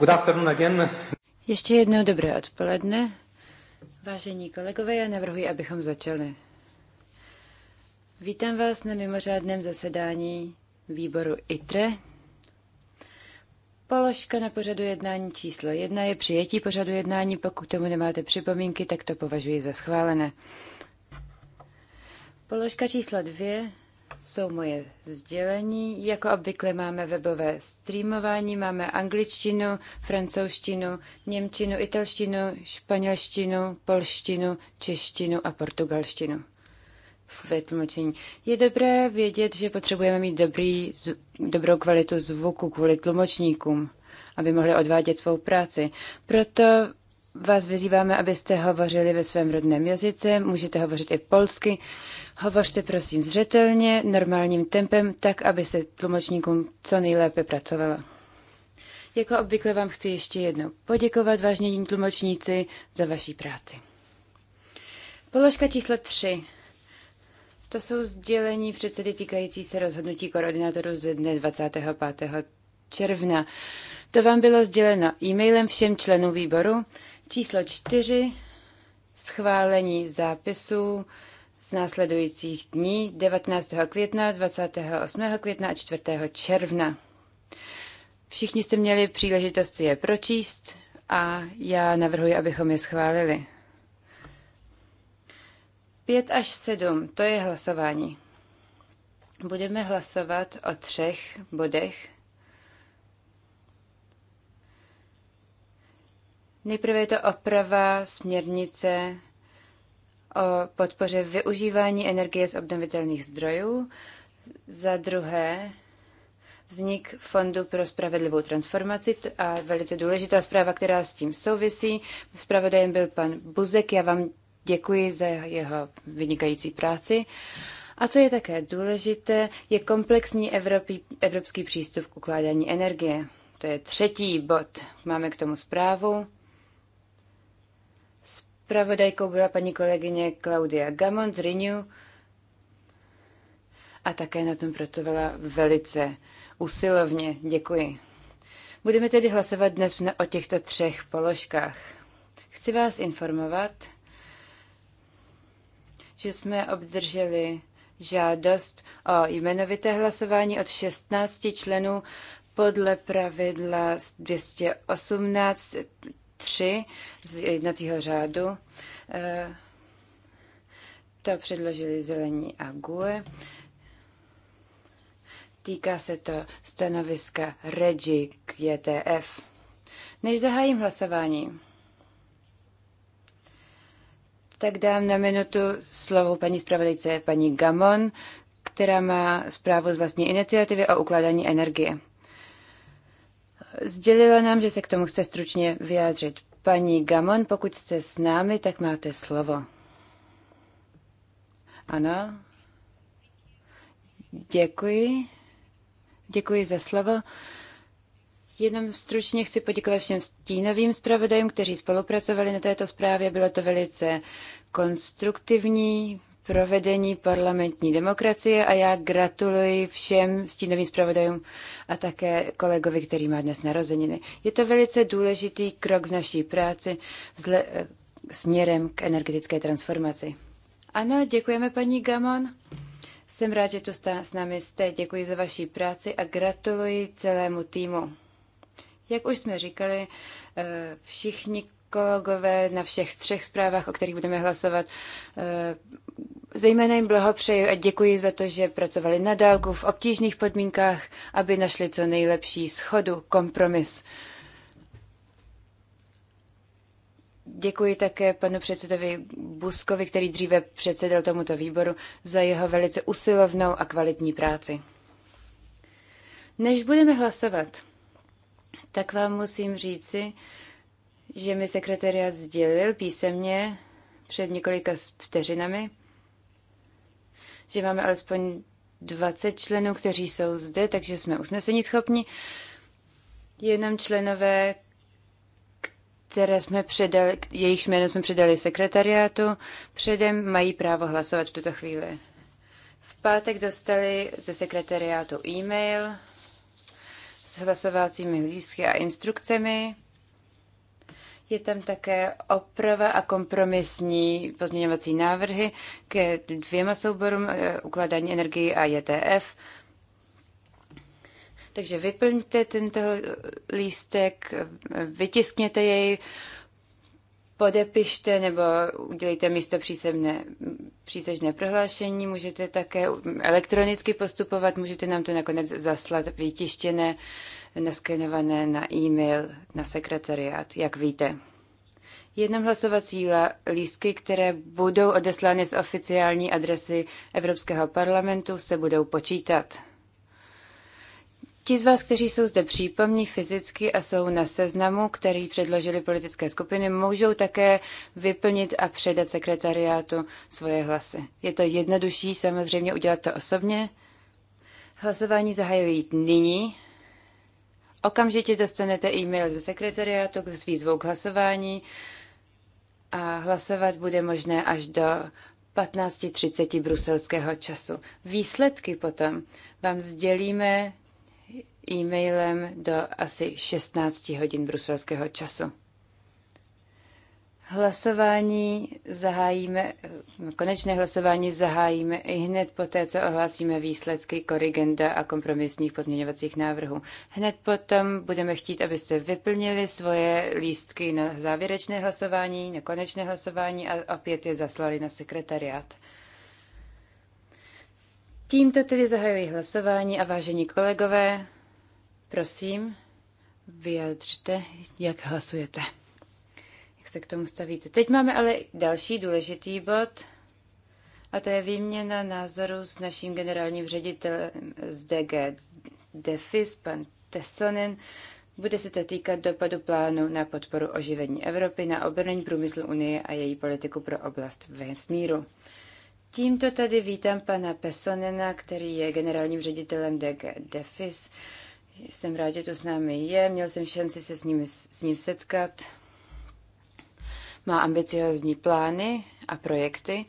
Good afternoon again. Ještě jednou dobré odpoledne. Vážení kolegové, já navrhuji, abychom začali. Vítám vás na mimořádném zasedání výboru ITRE. Položka na pořadu jednání číslo jedna je přijetí pořadu jednání. Pokud tomu nemáte připomínky, tak to považuji za schválené. Položka číslo dvě jsou moje sdělení. Jako obvykle máme webové streamování, máme angličtinu, francouzštinu, němčinu, italštinu, španělštinu, polštinu, češtinu a portugalštinu ve tlumočení. Je dobré vědět, že potřebujeme mít dobrý, dobrou kvalitu zvuku kvůli tlumočníkům, aby mohli odvádět svou práci. Proto vás vyzýváme, abyste hovořili ve svém rodném jazyce, můžete hovořit i polsky. Hovořte prosím zřetelně, normálním tempem, tak, aby se tlumočníkům co nejlépe pracovalo. Jako obvykle vám chci ještě jednou poděkovat, vážnění tlumočníci, za vaší práci. Položka číslo 3. To jsou sdělení předsedy týkající se rozhodnutí koordinátorů ze dne 25. června. To vám bylo sděleno e-mailem všem členům výboru. Číslo čtyři. Schválení zápisů z následujících dní 19. května, 28. května a 4. června. Všichni jste měli příležitost si je pročíst a já navrhuji, abychom je schválili. 5 až 7, to je hlasování. Budeme hlasovat o třech bodech Nejprve je to oprava směrnice o podpoře využívání energie z obnovitelných zdrojů. Za druhé, vznik Fondu pro spravedlivou transformaci a velice důležitá zpráva, která s tím souvisí. Zpravodajem byl pan Buzek, já vám děkuji za jeho vynikající práci. A co je také důležité, je komplexní Evropí, evropský přístup k ukládání energie. To je třetí bod. Máme k tomu zprávu. Spravodajkou byla paní kolegyně Claudia Gamon z Renew a také na tom pracovala velice usilovně. Děkuji. Budeme tedy hlasovat dnes o těchto třech položkách. Chci vás informovat, že jsme obdrželi žádost o jmenovité hlasování od 16 členů podle pravidla 218 3 z jednacího řádu. Eh, to předložili zelení a GUE. Týká se to stanoviska REGI k JTF. Než zahájím hlasování, tak dám na minutu slovo paní zpravodajce, paní Gamon, která má zprávu z vlastní iniciativy o ukládání energie sdělila nám, že se k tomu chce stručně vyjádřit. Paní Gamon, pokud jste s námi, tak máte slovo. Ano. Děkuji. Děkuji za slovo. Jenom stručně chci poděkovat všem stínovým zpravodajům, kteří spolupracovali na této zprávě. Bylo to velice konstruktivní, provedení parlamentní demokracie a já gratuluji všem stínovým zpravodajům a také kolegovi, který má dnes narozeniny. Je to velice důležitý krok v naší práci zle, eh, směrem k energetické transformaci. Ano, děkujeme paní Gamon. Jsem rád, že tu s námi jste. Děkuji za vaši práci a gratuluji celému týmu. Jak už jsme říkali, eh, všichni kolegové na všech třech zprávách, o kterých budeme hlasovat, eh, Zejména jim blahopřeji a děkuji za to, že pracovali na dálku v obtížných podmínkách, aby našli co nejlepší schodu, kompromis. Děkuji také panu předsedovi Buskovi, který dříve předsedal tomuto výboru, za jeho velice usilovnou a kvalitní práci. Než budeme hlasovat, tak vám musím říci, že mi sekretariat sdělil písemně před několika vteřinami, že máme alespoň 20 členů, kteří jsou zde, takže jsme usnesení schopni. Jenom členové, které jsme předali, jejich jméno jsme předali sekretariátu, předem mají právo hlasovat v tuto chvíli. V pátek dostali ze sekretariátu e-mail s hlasovacími lístky a instrukcemi. Je tam také oprava a kompromisní pozměňovací návrhy ke dvěma souborům eh, ukládání energii a JTF. E Takže vyplňte tento lístek, eh, vytiskněte jej, podepište nebo udělejte místo přísemné, přísežné prohlášení, můžete také elektronicky postupovat, můžete nám to nakonec zaslat vytištěné, naskenované na e-mail, na sekretariát, jak víte. Jednom hlasovací lístky, které budou odeslány z oficiální adresy Evropského parlamentu, se budou počítat. Ti z vás, kteří jsou zde přítomní fyzicky a jsou na seznamu, který předložili politické skupiny, můžou také vyplnit a předat sekretariátu svoje hlasy. Je to jednodušší samozřejmě udělat to osobně. Hlasování zahajují nyní. Okamžitě dostanete e-mail ze sekretariátu s výzvou k hlasování a hlasovat bude možné až do 15.30 bruselského času. Výsledky potom vám sdělíme e-mailem do asi 16 hodin bruselského času. Hlasování zahájíme, konečné hlasování zahájíme i hned poté, co ohlásíme výsledky korigenda a kompromisních pozměňovacích návrhů. Hned potom budeme chtít, abyste vyplnili svoje lístky na závěrečné hlasování, na konečné hlasování a opět je zaslali na sekretariát. Tímto tedy zahajuji hlasování a vážení kolegové, Prosím, vyjadřte, jak hlasujete. Jak se k tomu stavíte. Teď máme ale další důležitý bod, a to je výměna názoru s naším generálním ředitelem z DG Defis, pan Tessonen. Bude se to týkat dopadu plánu na podporu oživení Evropy, na obrnění průmyslu Unie a její politiku pro oblast vesmíru. Tímto tady vítám pana Pesonena, který je generálním ředitelem DG Defis. Jsem rád, že to s námi je. Měl jsem šanci se s nimi, s ním setkat. Má ambiciozní plány a projekty,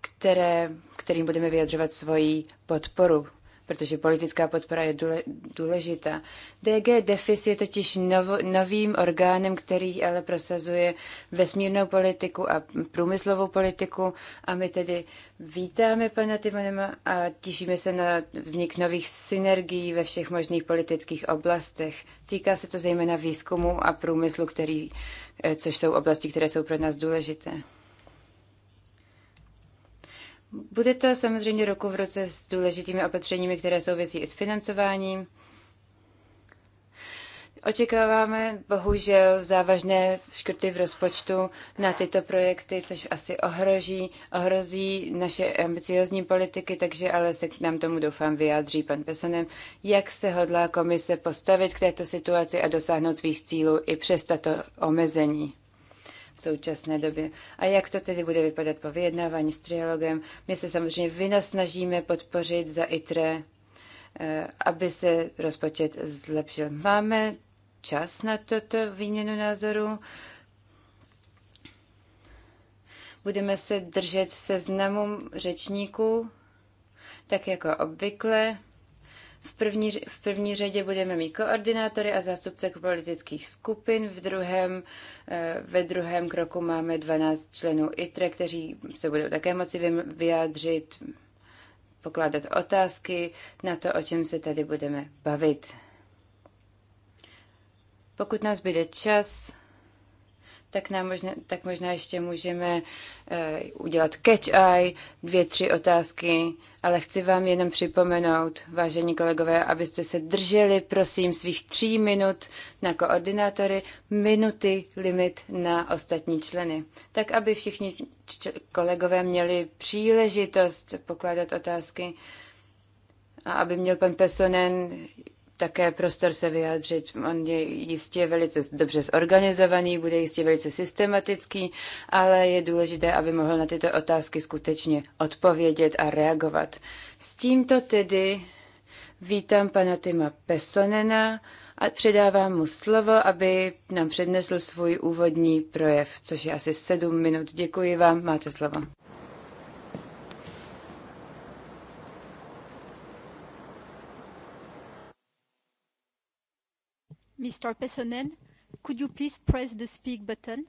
které, kterým budeme vyjadřovat svoji podporu protože politická podpora je důležitá. DG Defis je totiž novo, novým orgánem, který ale prosazuje vesmírnou politiku a průmyslovou politiku a my tedy vítáme pana Timonema a těšíme se na vznik nových synergií ve všech možných politických oblastech. Týká se to zejména výzkumu a průmyslu, který, eh, což jsou oblasti, které jsou pro nás důležité. Bude to samozřejmě roku v roce s důležitými opatřeními, které souvisí i s financováním. Očekáváme bohužel závažné škrty v rozpočtu na tyto projekty, což asi ohroží, ohrozí naše ambiciozní politiky, takže ale se k nám tomu doufám vyjádří pan Pesonem, jak se hodlá komise postavit k této situaci a dosáhnout svých cílů i přes tato omezení v současné době. A jak to tedy bude vypadat po vyjednávání s trialogem? My se samozřejmě vynasnažíme podpořit za ITRE, eh, aby se rozpočet zlepšil. Máme čas na toto výměnu názoru. Budeme se držet seznamu řečníků, tak jako obvykle. V první, v první řadě budeme mít koordinátory a zástupce politických skupin, v druhém, eh, ve druhém kroku máme 12 členů ITRE, kteří se budou také moci vyjádřit, pokládat otázky na to, o čem se tady budeme bavit. Pokud nás bude čas, tak, nám možná, tak možná ještě můžeme uh, udělat catch-eye, dvě, tři otázky, ale chci vám jenom připomenout, vážení kolegové, abyste se drželi, prosím, svých tří minut na koordinátory, minuty limit na ostatní členy, tak aby všichni kolegové měli příležitost pokládat otázky a aby měl pan Pesonen také prostor se vyjádřit. On je jistě velice dobře zorganizovaný, bude jistě velice systematický, ale je důležité, aby mohl na tyto otázky skutečně odpovědět a reagovat. S tímto tedy vítám pana Tima Pesonena a předávám mu slovo, aby nám přednesl svůj úvodní projev, což je asi sedm minut. Děkuji vám, máte slovo. Mr. Pessonen, could you please press the speak button?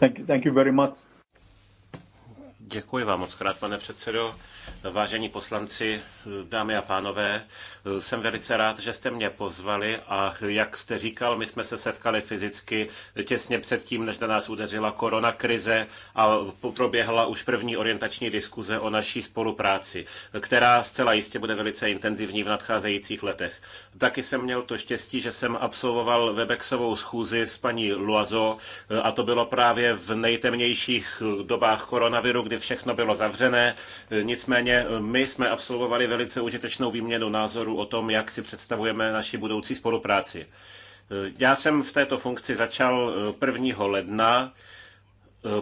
Thank you. Thank you very much. Děkuji vám moc krát, pane předsedo. Vážení poslanci, dámy a pánové, jsem velice rád, že jste mě pozvali a jak jste říkal, my jsme se setkali fyzicky těsně předtím, než na nás udeřila korona krize a proběhla už první orientační diskuze o naší spolupráci, která zcela jistě bude velice intenzivní v nadcházejících letech. Taky jsem měl to štěstí, že jsem absolvoval Webexovou schůzi s paní Luazo a to bylo právě v nejtemnějších dobách koronaviru, kdy všechno bylo zavřené. Nicméně eh, my jsme absolvovali velice užitečnou výměnu názorů o tom, jak si představujeme naši budoucí spolupráci. Eh, já jsem v této funkci začal 1. Eh, ledna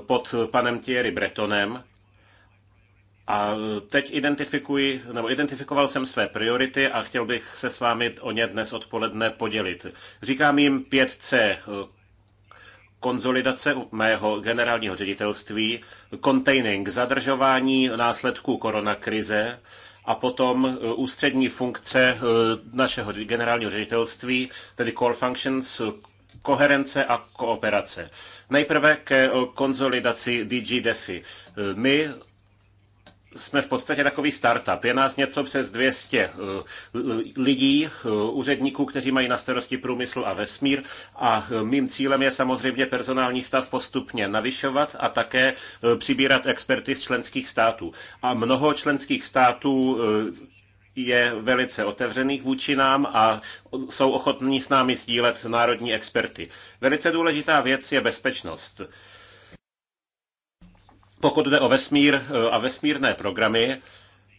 pod panem Thierry Bretonem a teď identifikuji, nebo identifikoval jsem své priority a chtěl bych se s vámi o ně dnes odpoledne podělit. Říkám jim 5C konzolidace mého generálního ředitelství, containing, zadržování následků koronakrize a potom eh, ústřední funkce eh, našeho generálního ředitelství, tedy core functions, koherence a kooperace. Nejprve ke eh, konzolidaci DG DeFi. My jsme v podstatě takový startup. Je nás něco přes 200 eh, lidí, eh, úředníků, kteří mají na starosti průmysl a vesmír a eh, mým cílem je samozřejmě personální stav postupně navyšovat a také přibírat experty z členských států. A mnoho členských států je velice otevřených vůči nám a jsou ochotní s námi sdílet národní experty. Velice důležitá věc je bezpečnost pokud jde o vesmír eh, a vesmírné programy,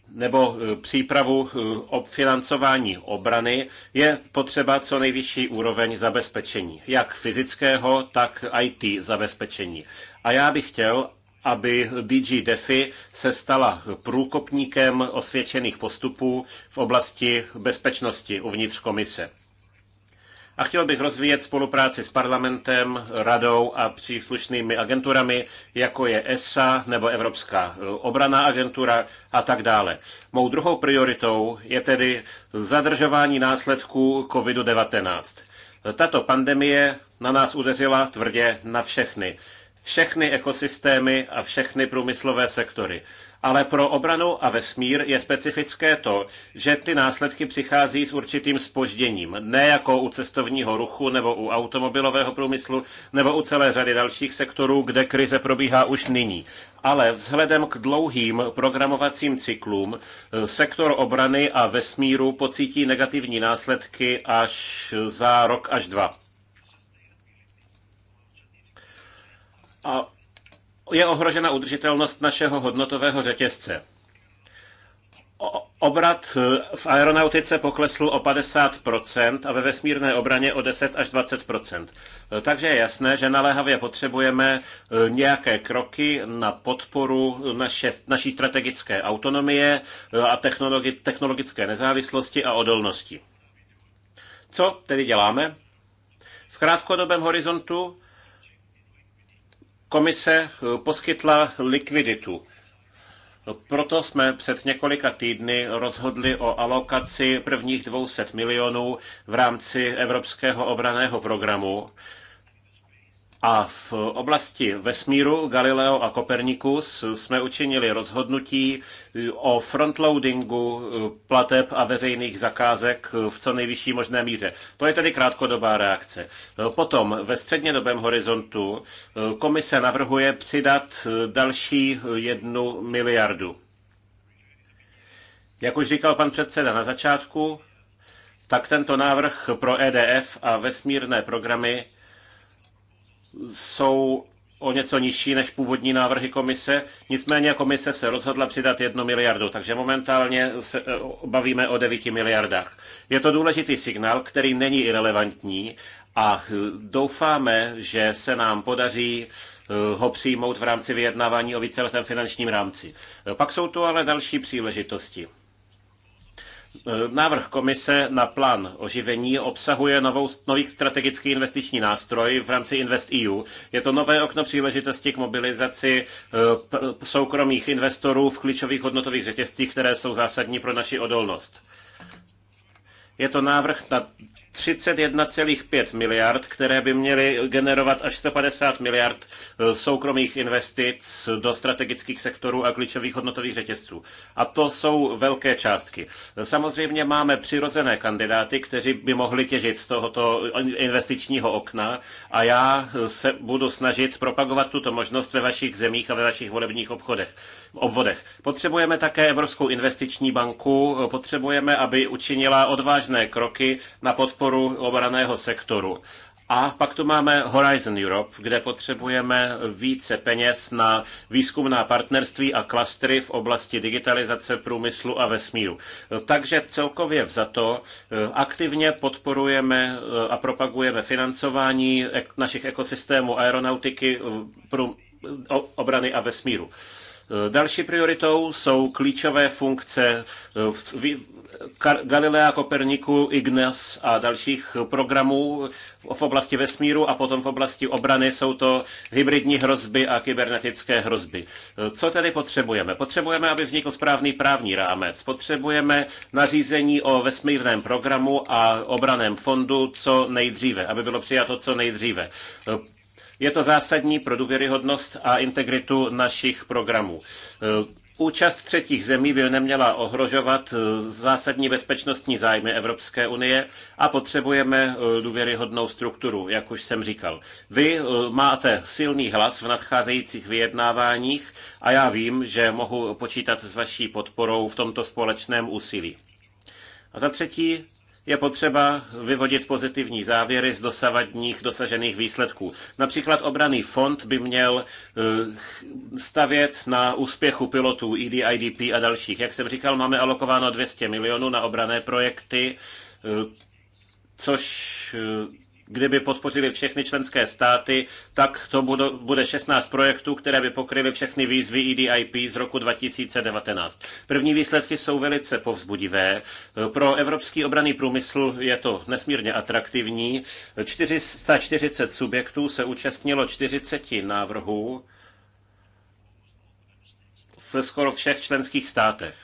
nebo eh, přípravu eh, o financování obrany je potřeba co nejvyšší úroveň zabezpečení, jak fyzického, tak IT zabezpečení. A já bych chtěl, aby DG DeFi se stala průkopníkem osvědčených postupů v oblasti bezpečnosti uvnitř komise a chtěl bych rozvíjet spolupráci s parlamentem, radou a příslušnými agenturami, jako je ESA nebo Evropská eh, obraná agentura a tak dále. Mou druhou prioritou je tedy zadržování následků COVID-19. Tato pandemie na nás udeřila tvrdě na všechny. Všechny ekosystémy a všechny průmyslové sektory. Ale pro obranu a vesmír je specifické to, že ty následky přichází s určitým spožděním. Ne jako u cestovního ruchu nebo u automobilového průmyslu nebo u celé řady dalších sektorů, kde krize probíhá už nyní. Ale vzhledem k dlouhým programovacím cyklům sektor obrany a vesmíru pocítí negativní následky až za rok až dva. A je ohrožena udržitelnost našeho hodnotového řetězce. Obrat eh, v aeronautice poklesl o 50% a ve vesmírné obraně o 10 až 20%. Eh, takže je jasné, že naléhavě potřebujeme eh, nějaké kroky na podporu naše, naší strategické autonomie a technologi, technologické nezávislosti a odolnosti. Co tedy děláme? V krátkodobém horizontu komise eh, poskytla likviditu. Proto jsme před několika týdny rozhodli o alokaci prvních 200 milionů v rámci Evropského obraného programu a v oblasti vesmíru Galileo a Kopernikus jsme učinili rozhodnutí o frontloadingu plateb a veřejných zakázek v co nejvyšší možné míře. To je tedy krátkodobá reakce. Potom ve střednědobém horizontu komise navrhuje přidat další jednu miliardu. Jak už říkal pan předseda na začátku, tak tento návrh pro EDF a vesmírné programy jsou o něco nižší než původní návrhy komise. Nicméně komise se rozhodla přidat jednu miliardu, takže momentálně se eh, bavíme o 9 miliardách. Je to důležitý signál, který není irrelevantní a eh, doufáme, že se nám podaří eh, ho přijmout v rámci vyjednávání o víceletém finančním rámci. Pak jsou tu ale další příležitosti. Eh, návrh komise na plán oživení obsahuje novou, nový strategický investiční nástroj v rámci InvestEU. Je to nové okno příležitosti k mobilizaci eh, soukromých investorů v klíčových hodnotových řetězcích, které jsou zásadní pro naši odolnost. Je to návrh na 31,5 miliard, které by měly generovat až 150 miliard eh, soukromých investic do strategických sektorů a klíčových hodnotových řetězců. A to jsou velké částky. Samozřejmě máme přirozené kandidáty, kteří by mohli těžit z tohoto investičního okna a já se budu snažit propagovat tuto možnost ve vašich zemích a ve vašich volebních obchodech obvodech. Potřebujeme také Evropskou investiční banku, potřebujeme, aby učinila odvážné kroky na podporu obraného sektoru. A pak tu máme Horizon Europe, kde potřebujeme více peněz na výzkumná partnerství a klastry v oblasti digitalizace, průmyslu a vesmíru. Takže celkově vzato aktivně podporujeme eh, a propagujeme financování našich ekosystémů aeronautiky, eh, obrany a vesmíru. Eh, další prioritou jsou klíčové funkce eh, Galilea, Koperniku, Ignes a dalších programů v oblasti vesmíru a potom v oblasti obrany jsou to hybridní hrozby a kybernetické hrozby. Eh, co tedy potřebujeme? Potřebujeme, aby vznikl správný právní rámec. Potřebujeme nařízení o vesmírném programu a obraném fondu co nejdříve, aby bylo přijato co nejdříve. Je to zásadní pro důvěryhodnost a integritu našich programů. Eh, účast třetích zemí by neměla ohrožovat eh, zásadní bezpečnostní zájmy Evropské unie a potřebujeme eh, důvěryhodnou strukturu, jak už jsem říkal. Vy máte silný hlas v nadcházejících vyjednáváních a já vím, že mohu počítat s vaší podporou v tomto společném úsilí. A za třetí, je potřeba vyvodit pozitivní závěry z dosavadních dosažených výsledků. Například obraný fond by měl eh, stavět na úspěchu pilotů EDIDP a dalších. Jak jsem říkal, máme alokováno 200 milionů na obrané projekty, eh, což eh, kdyby podpořili všechny členské státy, tak to bude 16 projektů, které by pokryly všechny výzvy EDIP z roku 2019. První výsledky jsou velice povzbudivé. Pro evropský obraný průmysl je to nesmírně atraktivní. 440 subjektů se účastnilo 40 návrhů v skoro všech členských státech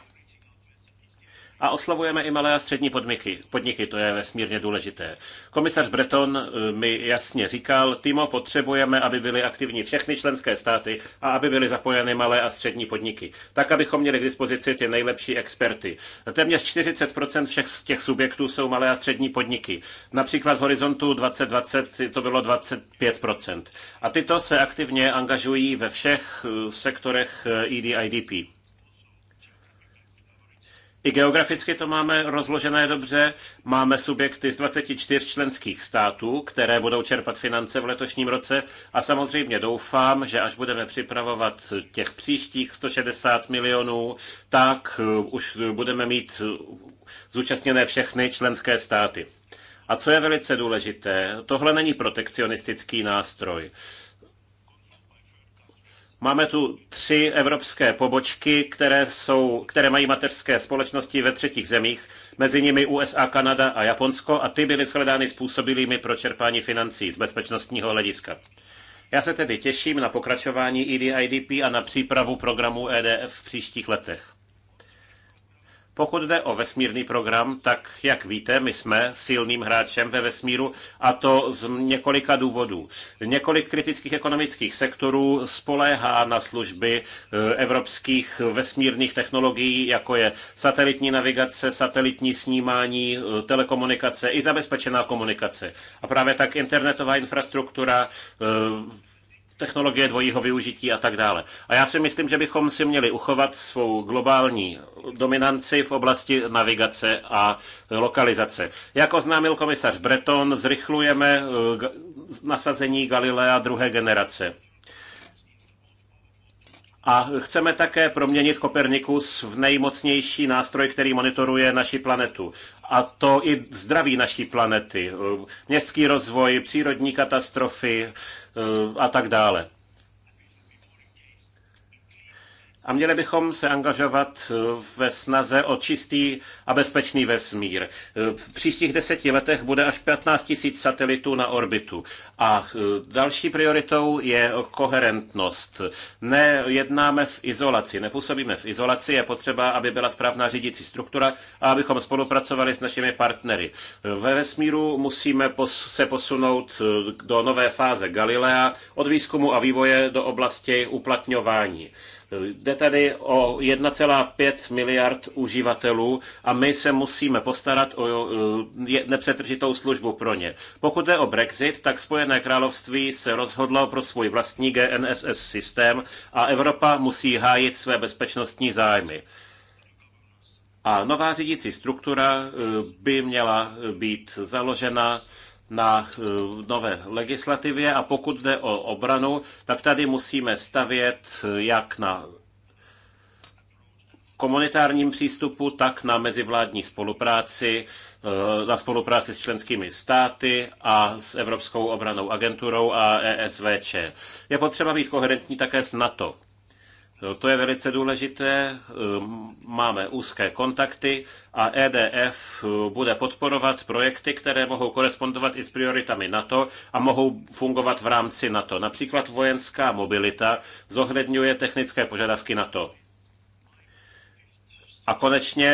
a oslavujeme i malé a střední podniky. Podniky, to je vesmírně důležité. Komisař Breton eh, mi jasně říkal, Timo, potřebujeme, aby byly aktivní všechny členské státy a aby byly zapojeny malé a střední podniky, tak abychom měli k dispozici ty nejlepší experty. Téměř 40% všech těch subjektů jsou malé a střední podniky. Například v Horizontu 2020 to bylo 25%. A tyto se aktivně angažují ve všech eh, sektorech EDIDP. Eh, e i geograficky to máme rozložené dobře. Máme subjekty z 24 členských států, které budou čerpat finance v letošním roce a samozřejmě doufám, že až budeme připravovat těch příštích 160 milionů, tak eh, už budeme mít zúčastněné všechny členské státy. A co je velice důležité, tohle není protekcionistický nástroj. Máme tu tři evropské pobočky, které, jsou, které mají mateřské společnosti ve třetích zemích, mezi nimi USA, Kanada a Japonsko, a ty byly shledány způsobilými pro čerpání financí z bezpečnostního hlediska. Já se tedy těším na pokračování EDIDP a na přípravu programu EDF v příštích letech. Pokud jde o vesmírný program, tak jak víte, my jsme silným hráčem ve vesmíru a to z několika důvodů. Několik kritických ekonomických sektorů spoléhá na služby eh, evropských vesmírných technologií, jako je satelitní navigace, satelitní snímání, eh, telekomunikace i zabezpečená komunikace. A právě tak internetová infrastruktura, eh, technologie dvojího využití a tak dále. A já si myslím, že bychom si měli uchovat svou globální dominanci v oblasti navigace a lokalizace. Jak oznámil komisař Breton, zrychlujeme eh, nasazení Galilea druhé generace. A chceme také proměnit Kopernikus v nejmocnější nástroj, který monitoruje naši planetu a to i zdraví naší planety, eh, městský rozvoj, přírodní katastrofy eh, a tak dále. a měli bychom se angažovat eh, ve snaze o čistý a bezpečný vesmír. Eh, v příštích deseti letech bude až 15 000 satelitů na orbitu. A eh, další prioritou je koherentnost. Nejednáme v izolaci, nepůsobíme v izolaci, je potřeba, aby byla správná řídící struktura a abychom spolupracovali s našimi partnery. Ve vesmíru musíme se posunout do nové fáze Galilea od výzkumu a vývoje do oblasti uplatňování. Jde tady o 1,5 miliard uživatelů a my se musíme postarat o nepřetržitou službu pro ně. Pokud jde o Brexit, tak Spojené království se rozhodlo pro svůj vlastní GNSS systém a Evropa musí hájit své bezpečnostní zájmy. A nová řídící struktura e, by měla e, být založena na eh, nové legislativě a pokud jde o obranu, tak tady musíme stavět eh, jak na komunitárním přístupu, tak na mezivládní spolupráci, eh, na spolupráci s členskými státy a s Evropskou obranou agenturou a ESVČ. Je potřeba být koherentní také s NATO. No, to je velice důležité. Ehm, máme úzké kontakty a EDF eh, bude podporovat projekty, které mohou korespondovat i s prioritami NATO a mohou fungovat v rámci NATO. Například vojenská mobilita zohledňuje technické požadavky NATO. A konečně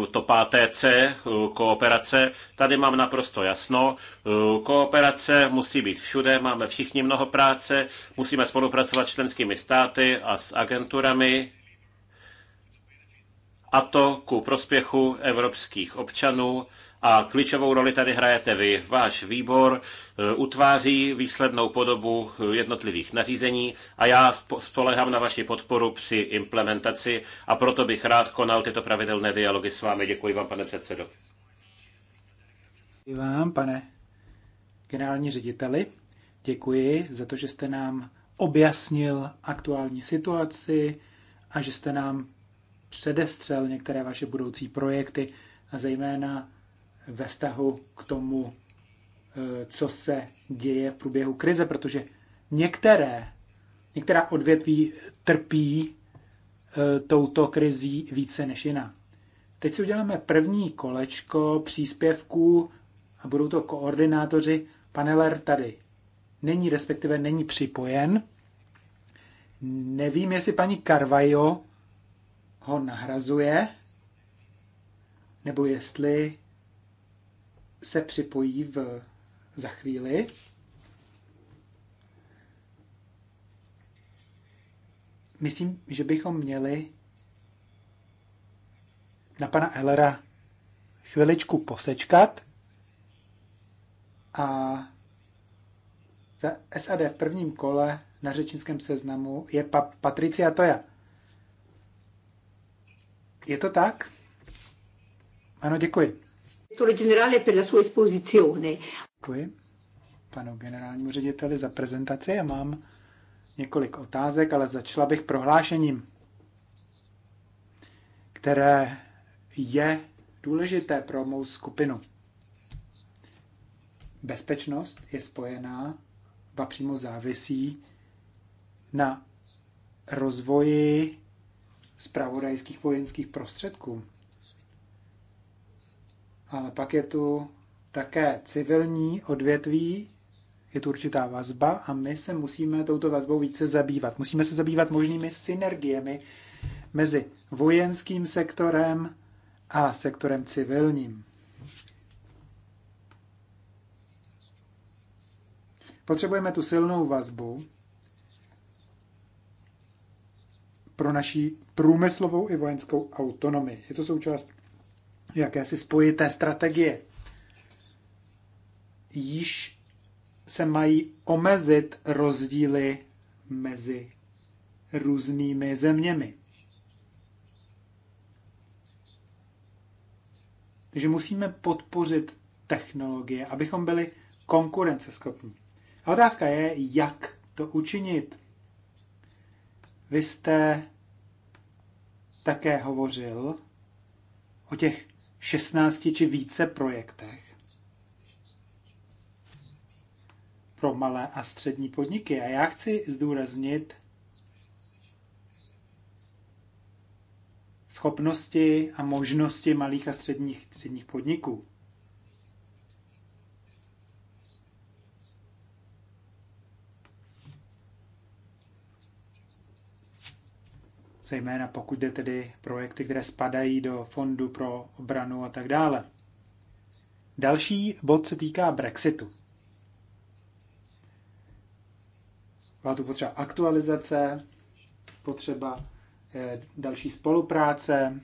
eh, to páté C, eh, kooperace. Tady mám naprosto jasno. Eh, kooperace musí být všude, máme všichni mnoho práce, musíme spolupracovat s členskými státy a s agenturami, a to ku prospěchu evropských občanů a klíčovou roli tady hrajete vy. Váš výbor e, utváří výslednou podobu e, jednotlivých nařízení a já spolehám na vaši podporu při implementaci a proto bych rád konal tyto pravidelné dialogy s vámi. Děkuji vám, pane předsedo. Děkuji vám, pane generální řediteli. Děkuji za to, že jste nám objasnil aktuální situaci a že jste nám předestřel některé vaše budoucí projekty a zejména ve vztahu k tomu, eh, co se děje v průběhu krize, protože některé, některá odvětví trpí eh, touto krizí více než jiná. Teď si uděláme první kolečko příspěvků a budou to koordinátoři. Paneler tady není, respektive není připojen. Nevím, jestli paní Carvajo ho nahrazuje, nebo jestli se připojí v, za chvíli. Myslím, že bychom měli na pana Ellera chviličku posečkat a za SAD v prvním kole na řečnickém seznamu je pa- Patricia Toja. Je to tak? Ano, děkuji direttore generale per la sua esposizione. Děkuji panu generálnímu řediteli za prezentaci Já mám několik otázek, ale začala bych prohlášením, které je důležité pro mou skupinu. Bezpečnost je spojená, ba přímo závisí na rozvoji spravodajských vojenských prostředků ale pak je tu také civilní odvětví, je tu určitá vazba a my se musíme touto vazbou více zabývat. Musíme se zabývat možnými synergiemi mezi vojenským sektorem a sektorem civilním. Potřebujeme tu silnou vazbu pro naší průmyslovou i vojenskou autonomii. Je to součást jakési spojité strategie. Již se mají omezit rozdíly mezi různými zeměmi. Takže musíme podpořit technologie, abychom byli konkurenceschopní. A otázka je, jak to učinit. Vy jste také hovořil o těch 16 či více projektech pro malé a střední podniky. A já chci zdůraznit schopnosti a možnosti malých a středních, středních podniků. zejména pokud jde tedy projekty, které spadají do fondu pro obranu a tak dále. Další bod se týká Brexitu. Byla tu potřeba aktualizace, potřeba eh, další spolupráce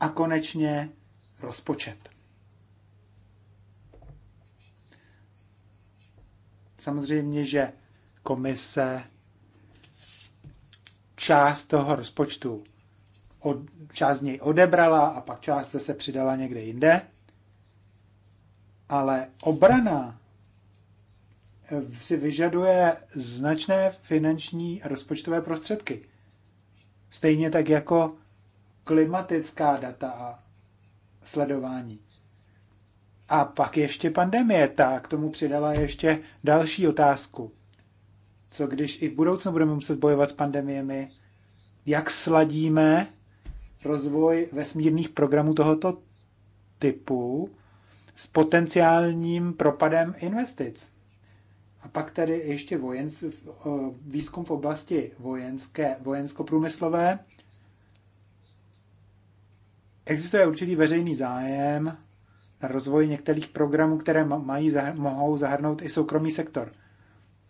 a konečně rozpočet. Samozřejmě, že komise část toho rozpočtu od, část z něj odebrala a pak část se přidala někde jinde. Ale obrana eh, si vyžaduje značné finanční a rozpočtové prostředky. Stejně tak jako klimatická data a sledování. A pak ještě pandemie, ta k tomu přidala ještě další otázku co když i v budoucnu budeme muset bojovat s pandemiemi, jak sladíme rozvoj vesmírných programů tohoto typu s potenciálním propadem investic. A pak tady ještě vojens, výzkum v oblasti vojenské, vojensko-průmyslové. Existuje určitý veřejný zájem na rozvoji některých programů, které mají, mohou zahrnout i soukromý sektor.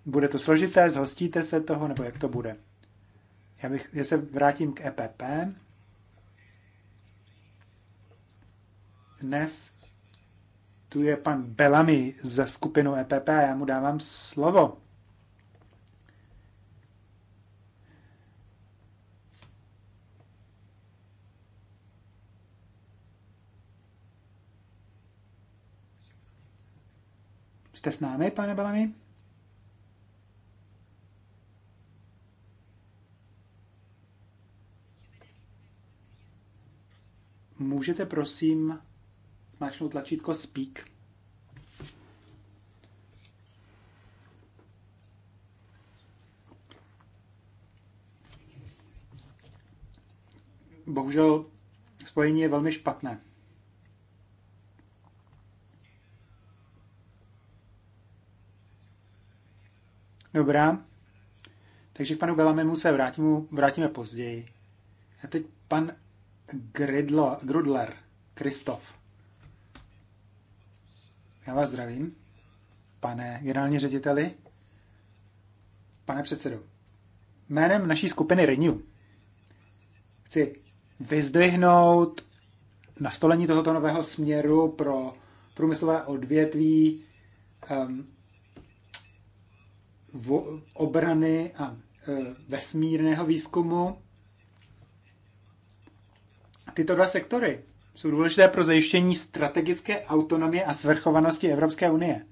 Bude to složité, zhostíte se toho, nebo jak to bude? Já, bych, já se vrátím k EPP. Dnes tu je pan Belami ze skupinu EPP a já mu dávám slovo. Jste s námi, pane Belami? Můžete prosím smáčknout tlačítko Speak? Bohužel spojení je velmi špatné. Dobrá. Takže k panu Belamemu se vrátím, vrátíme později. A teď pan Gridlo, Grudler, Kristof. Já vás zdravím, pane generální řediteli, pane předsedo. Jménem naší skupiny Renew chci vyzdvihnout nastolení tohoto nového směru pro průmyslové odvětví um, ehm, v, obrany a e, vesmírného výzkumu tyto dva sektory jsou důležité pro zajištění strategické autonomie a svrchovanosti Evropské unie.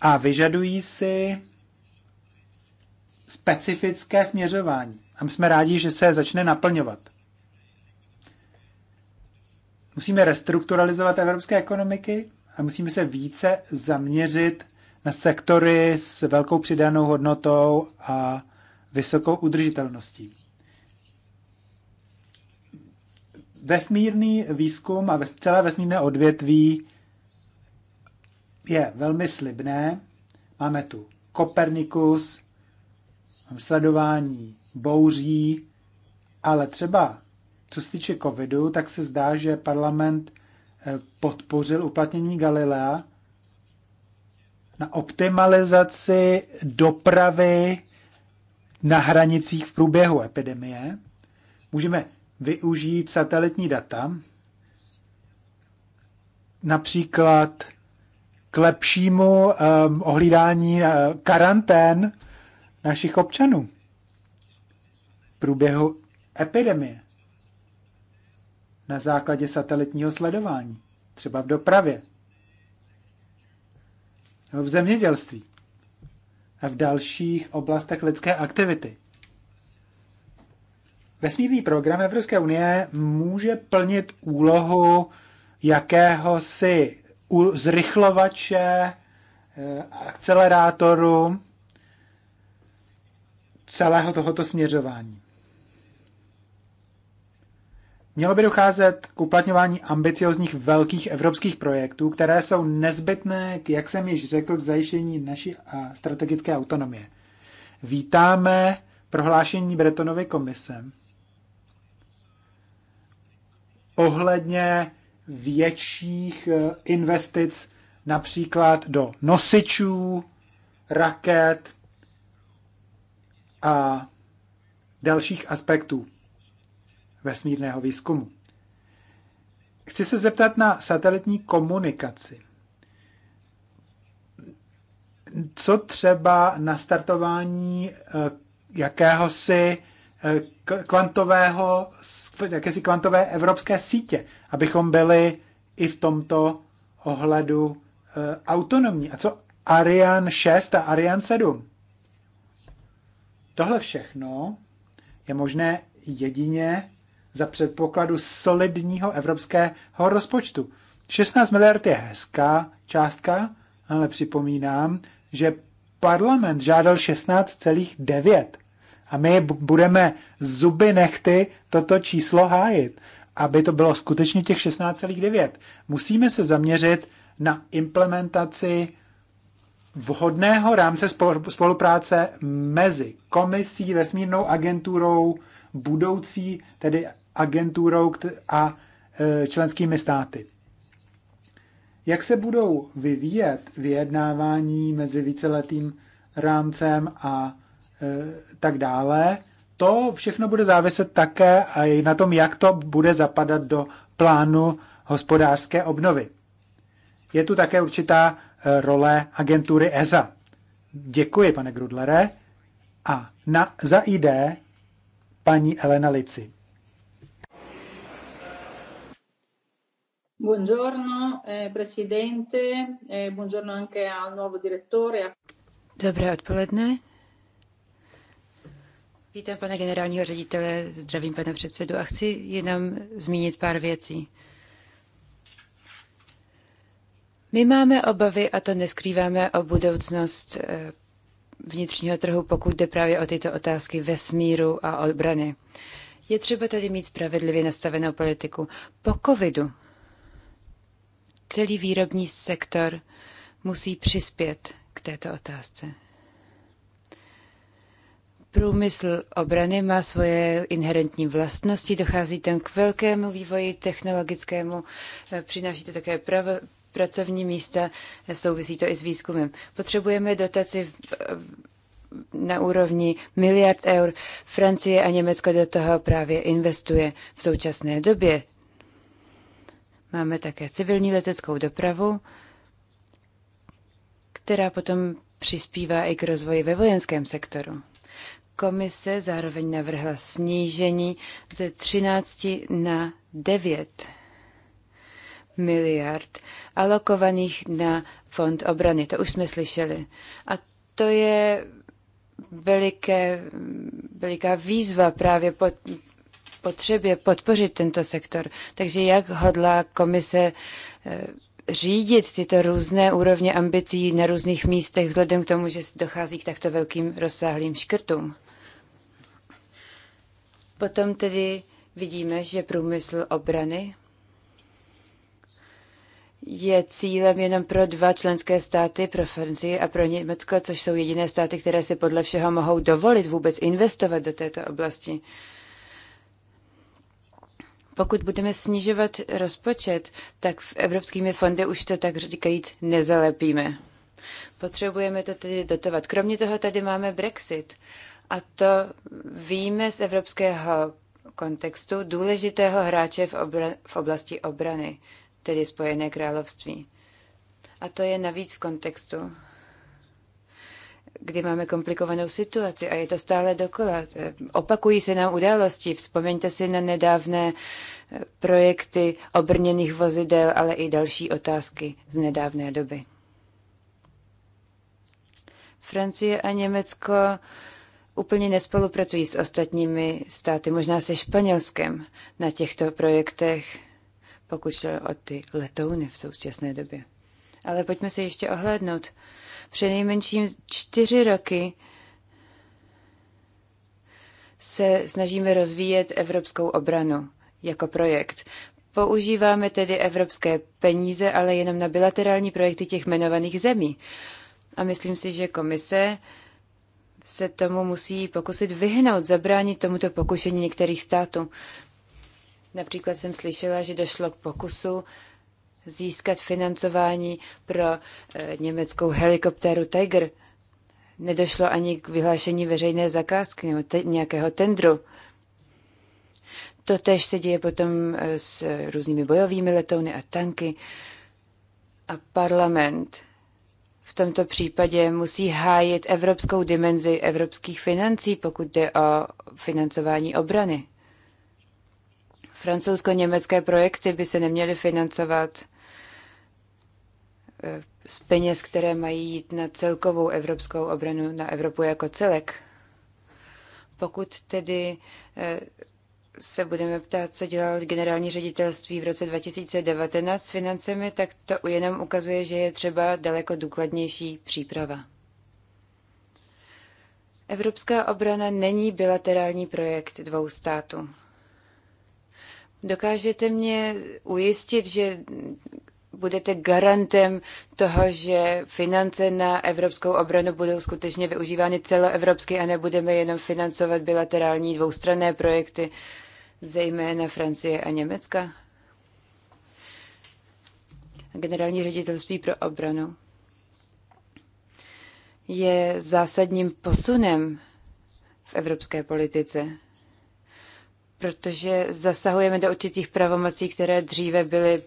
A vyžadují si specifické směřování. A my jsme rádi, že se začne naplňovat. Musíme restrukturalizovat evropské ekonomiky a musíme se více zaměřit na sektory s velkou přidanou hodnotou a vysokou udržitelností. Vesmírný výzkum a celé vesmírné odvětví je velmi slibné. Máme tu Kopernikus, sledování bouří, ale třeba co se týče covidu, tak se zdá, že parlament eh, podpořil uplatnění Galilea na optimalizaci dopravy na hranicích v průběhu epidemie. Můžeme využít satelitní data, například k lepšímu um, ohlídání uh, karantén našich občanů v průběhu epidemie na základě satelitního sledování, třeba v dopravě nebo v zemědělství a v dalších oblastech lidské aktivity. Vesmírný program Evropské unie může plnit úlohu jakéhosi zrychlovače, eh, akcelerátoru celého tohoto směřování. Mělo by docházet k uplatňování ambiciozních velkých evropských projektů, které jsou nezbytné, k jak jsem již řekl, k zajištění naší eh, strategické autonomie. Vítáme prohlášení Bretonovy komise, ohledně větších eh, investic například do nosičů, raket a dalších aspektů vesmírného výzkumu. Chci se zeptat na satelitní komunikaci. Co třeba na startování eh, jakéhosi Eh, kvantového, jakési kvantové evropské sítě, abychom byli i v tomto ohledu eh, autonomní. A co Ariane 6 a Ariane 7? Tohle všechno je možné jedině za předpokladu solidního evropského rozpočtu. 16 miliard je hezká částka, ale připomínám, že parlament žádal 16,9. A my budeme zuby nechty toto číslo hájit, aby to bylo skutečně těch 16,9. Musíme se zaměřit na implementaci vhodného rámce spolupráce mezi komisí, vesmírnou agenturou, budoucí tedy agenturou a e, členskými státy. Jak se budou vyvíjet vyjednávání mezi víceletým rámcem a Eh, tak dále. To všechno bude záviset také i na tom, jak to bude zapadat do plánu hospodářské obnovy. Je tu také určitá eh, role agentury ESA. Děkuji, pane Grudlere. A na, za ID paní Elena Lici. Buongiorno, eh, presidente, eh, buongiorno anche al nuovo direttore. Dobré odpoledne, Vítám pana generálního ředitele, zdravím pana předsedu a chci jenom zmínit pár věcí. My máme obavy, a to neskrýváme, o budoucnost eh, vnitřního trhu, pokud jde právě o tyto otázky vesmíru a obrany. Je třeba tady mít spravedlivě nastavenou politiku. Po covidu celý výrobní sektor musí přispět k této otázce. Průmysl obrany má svoje inherentní vlastnosti, dochází tam k velkému vývoji technologickému, eh, přináší to také prav, pracovní místa, eh, souvisí to i s výzkumem. Potřebujeme dotaci v, na úrovni miliard eur. Francie a Německo do toho právě investuje v současné době. Máme také civilní leteckou dopravu, která potom přispívá i k rozvoji ve vojenském sektoru. Komise zároveň navrhla snížení ze 13 na 9 miliard alokovaných na fond obrany. To už jsme slyšeli. A to je veliké, veliká výzva právě pod, potřebě podpořit tento sektor. Takže jak hodlá komise eh, řídit tyto různé úrovně ambicí na různých místech vzhledem k tomu, že dochází k takto velkým rozsáhlým škrtům. Potom tedy vidíme, že průmysl obrany je cílem jenom pro dva členské státy, pro Francii a pro Německo, což jsou jediné státy, které si podle všeho mohou dovolit vůbec investovat do této oblasti. Uh, pokud budeme snižovat rozpočet, tak v evropskými fondy už to tak říkajíc nezalepíme. Potřebujeme to tedy dotovat. Kromě toho tady máme Brexit. A to víme z evropského kontextu důležitého hráče v, obra- v oblasti obrany, tedy Spojené království. A to je navíc v kontextu kdy máme komplikovanou situaci a je to stále dokola. Opakují se nám události. Vzpomeňte si na nedávné eh, projekty obrněných vozidel, ale i další otázky z nedávné doby. Francie a Německo úplně nespolupracují s ostatními státy, možná se Španělskem na těchto projektech, pokud šlo o ty letouny v současné době. Ale pojďme se ještě ohlédnout nejmenším čtyři roky se snažíme rozvíjet evropskou obranu jako projekt. Používáme tedy evropské peníze, ale jenom na bilaterální projekty těch jmenovaných zemí. A myslím si, že komise se tomu musí pokusit vyhnout, zabránit tomuto pokušení některých států. Například jsem slyšela, že došlo k pokusu získat financování pro eh, německou helikoptéru Tiger. Nedošlo ani k vyhlášení veřejné zakázky nebo te- nějakého tendru. To tež se děje potom eh, s různými bojovými letouny a tanky. A parlament v tomto případě musí hájit evropskou dimenzi evropských financí, pokud jde o financování obrany. Francouzsko-německé projekty by se neměly financovat Eh, z peněz, které mají jít na celkovou evropskou obranu, na Evropu jako celek. Pokud tedy eh, se budeme ptát, co dělal generální ředitelství v roce 2019 s financemi, tak to jenom ukazuje, že je třeba daleko důkladnější příprava. Evropská obrana není bilaterální projekt dvou států. Dokážete mě ujistit, že budete garantem toho, že finance na evropskou obranu budou skutečně využívány celoevropsky a nebudeme jenom financovat bilaterální dvoustranné projekty, zejména Francie a Německa? Generální ředitelství pro obranu je zásadním posunem v evropské politice protože zasahujeme do určitých pravomocí, které dříve byly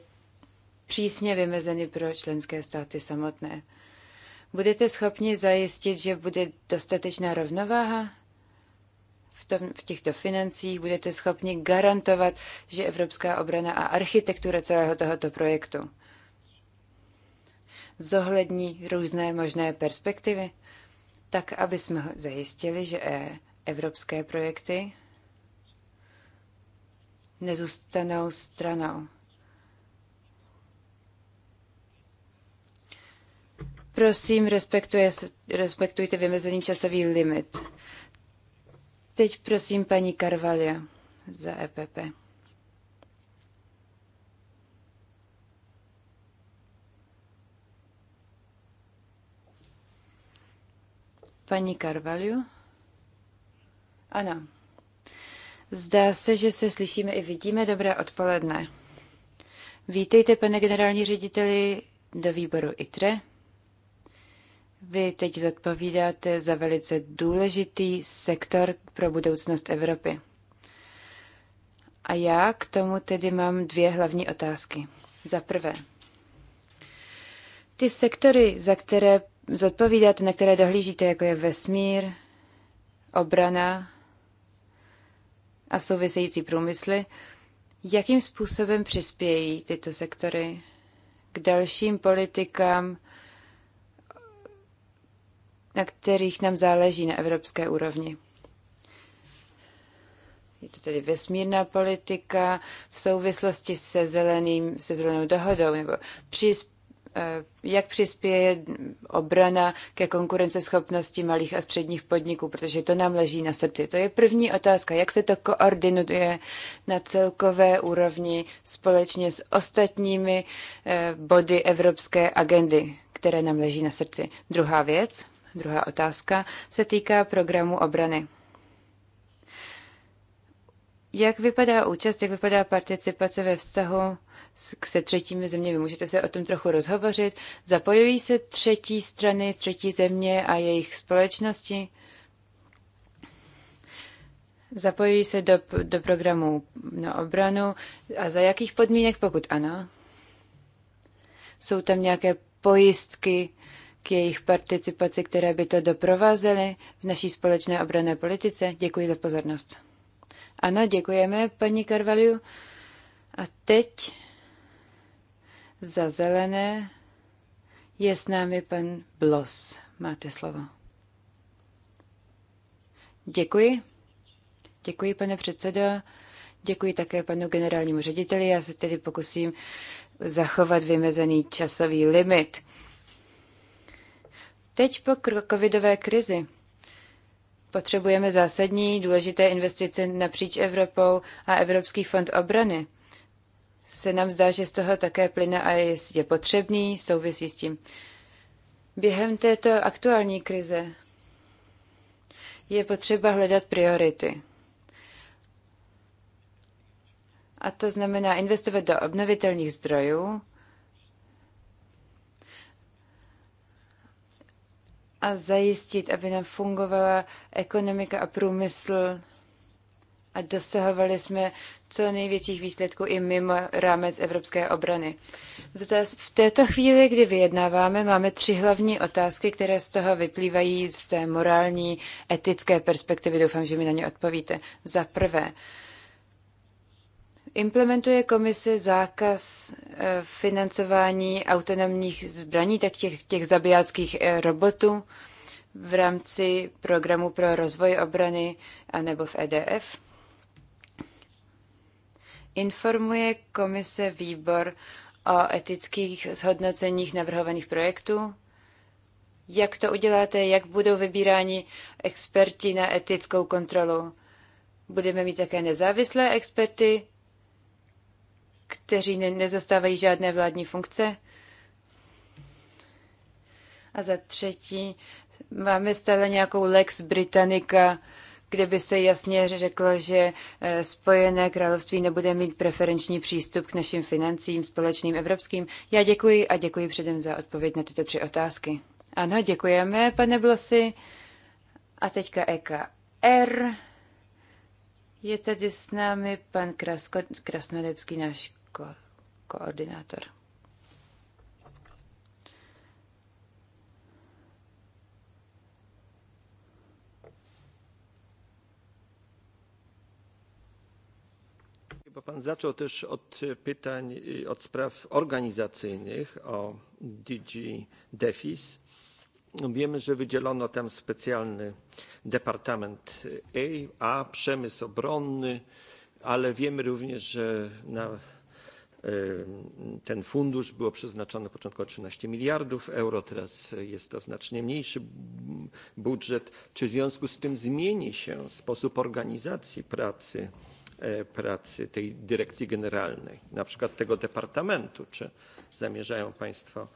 přísně vymezeny pro členské státy samotné. Budete schopni zajistit, že bude dostatečná rovnováha v, tom, v těchto financích? Budete schopni garantovat, že evropská obrana a architektura celého tohoto projektu zohlední různé možné perspektivy, tak aby jsme zajistili, že e, evropské projekty nezůstanou stranou. Prosím, respektuje, respektujte vymezený časový limit. Teď prosím paní Karvalia za EPP. Paní Carvalho? Ano. Zdá se, že se slyšíme i vidíme. Dobré odpoledne. Vítejte, pane generální řediteli, do výboru ITRE. Vy teď zodpovídáte za velice důležitý sektor pro budoucnost Evropy. A já k tomu tedy mám dvě hlavní otázky. Za prvé, ty sektory, za které zodpovídáte, na které dohlížíte, jako je vesmír, obrana a související průmysly, jakým způsobem přispějí tyto sektory k dalším politikám na kterých nám záleží na evropské úrovni. Je to tedy vesmírná politika v souvislosti se, zeleným, se zelenou dohodou, nebo přis, eh, jak přispěje obrana ke konkurenceschopnosti malých a středních podniků, protože to nám leží na srdci. To je první otázka, jak se to koordinuje na celkové úrovni společně s ostatními eh, body evropské agendy, které nám leží na srdci. Druhá věc, Druhá otázka se týká programu obrany. Jak vypadá účast, jak vypadá participace ve vztahu k se třetími zeměmi? Můžete se o tom trochu rozhovořit? Zapojují se třetí strany, třetí země a jejich společnosti? Zapojují se do, do programu na obranu a za jakých podmínek, pokud ano? Jsou tam nějaké pojistky, jejich participaci, které by to doprovázely v naší společné obrané politice. Děkuji za pozornost. Ano, děkujeme, paní Karvaliu. A teď za zelené je s námi pan Blos. Máte slovo. Děkuji. Děkuji, pane předsedo. Děkuji také panu generálnímu řediteli. Já se tedy pokusím zachovat vymezený časový limit. Teď po covidové krizi potřebujeme zásadní důležité investice napříč Evropou a Evropský fond obrany. Se nám zdá, že z toho také plyne a je, potřebný, souvisí s tím. Během této aktuální krize je potřeba hledat priority. A to znamená investovat do obnovitelných zdrojů, a zajistit, aby nám fungovala ekonomika a průmysl a dosahovali jsme co největších výsledků i mimo rámec evropské obrany. V této chvíli, kdy vyjednáváme, máme tři hlavní otázky, které z toho vyplývají z té morální, etické perspektivy. Doufám, že mi na ně odpovíte. Za prvé, Implementuje komise zákaz eh, financování autonomních zbraní, tak těch, těch zabijáckých eh, robotů v rámci programu pro rozvoj obrany nebo v EDF? Informuje komise výbor o etických zhodnoceních navrhovaných projektů? Jak to uděláte? Jak budou vybíráni experti na etickou kontrolu? Budeme mít také nezávislé experty kteří ne- nezastávají žádné vládní funkce. A za třetí, máme stále nějakou Lex Britannica, kde by se jasně řeklo, že eh, Spojené království nebude mít preferenční přístup k našim financím společným evropským. Já děkuji a děkuji předem za odpověď na tyto tři otázky. Ano, děkujeme, pane Blosy. A teďka EKR. Je tady s námi pan Krasko, Krasnodebský, náš ko- koordinátor. Bo pan zaczął też od pytań, od spraw organizacyjnych o DG DEFIS. Wiemy, że wydzielono tam specjalny departament A, A przemysł obronny, ale wiemy również, że na ten fundusz było przeznaczone początkowo 13 miliardów euro, teraz jest to znacznie mniejszy budżet. Czy w związku z tym zmieni się sposób organizacji pracy, e, pracy tej dyrekcji generalnej, na przykład tego departamentu? Czy zamierzają Państwo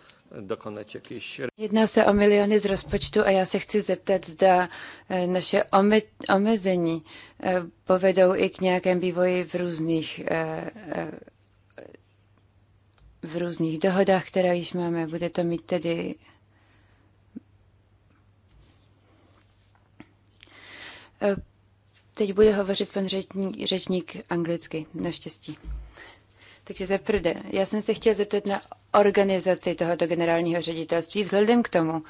dokonać jakiejś... Jedná se o miliony z rozpočtu a já se chci zeptat, zda e, nasze ome omezení e, povedou i k nějakém vývoji v různých v různých dohodách, které již máme. Bude to mít tedy Teď bude hovořit pan řečník, řečník anglicky, naštěstí. Takže za prvé, já jsem se chtěl zeptat na organizaci tohoto generálního ředitelství vzhledem k tomu,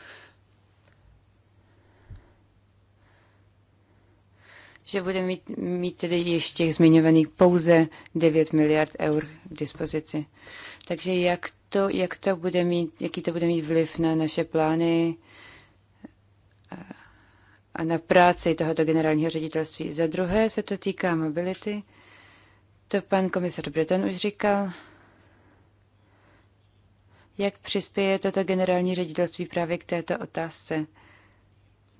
že budeme mít, mít tedy ještě zmiňovaných pouze 9 miliard eur k dispozici. Takže jak to, jak to bude mít, jaký to bude mít vliv na naše plány eh, a na práci tohoto generálního ředitelství. Za druhé se to týká mobility. To pan komisar Breton už říkal. Jak přispěje toto generální ředitelství právě k této otázce?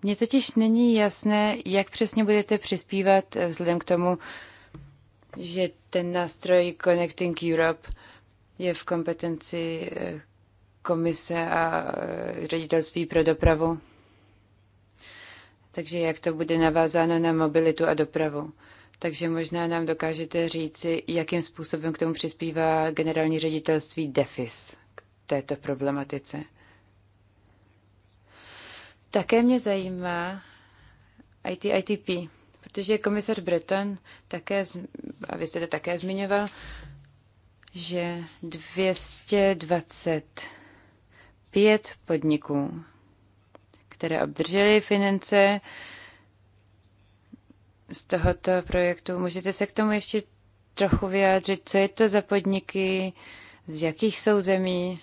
Mně totiž není jasné, jak přesně budete přispívat eh, vzhledem k tomu, že ten nástroj Connecting Europe je v kompetenci eh, komise a eh, ředitelství pro dopravu. Takže jak to bude navázáno na mobilitu a dopravu. Takže možná nám dokážete říci, jakým způsobem k tomu přispívá generální ředitelství DEFIS k této problematice. Také mě zajímá IT, ITP, protože komisař Breton také, a vy jste to také zmiňoval, že 225 podniků, které obdržely finance z tohoto projektu, můžete se k tomu ještě trochu vyjádřit, co je to za podniky, z jakých jsou zemí.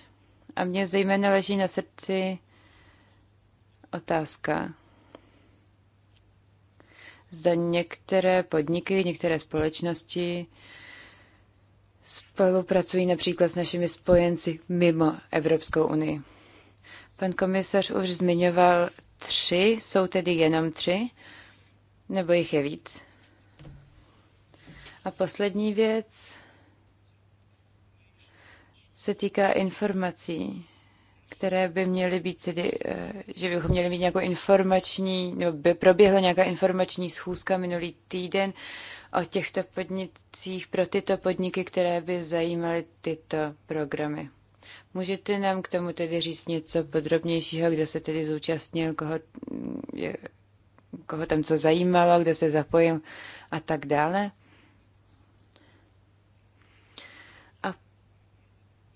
A mě zejména leží na srdci otázka, zda některé podniky, některé společnosti spolupracují například s našimi spojenci mimo Evropskou unii. Pan komisař už zmiňoval tři, jsou tedy jenom tři, nebo jich je víc? A poslední věc se týká informací které by měly být tedy, eh, že bychom měli mít nějakou informační, nebo by proběhla nějaká informační schůzka minulý týden o těchto podnicích pro tyto podniky, které by zajímaly tyto programy. Můžete nám k tomu tedy říct něco podrobnějšího, kdo se tedy zúčastnil, koho, je, koho tam co zajímalo, kdo se zapojil a tak dále? A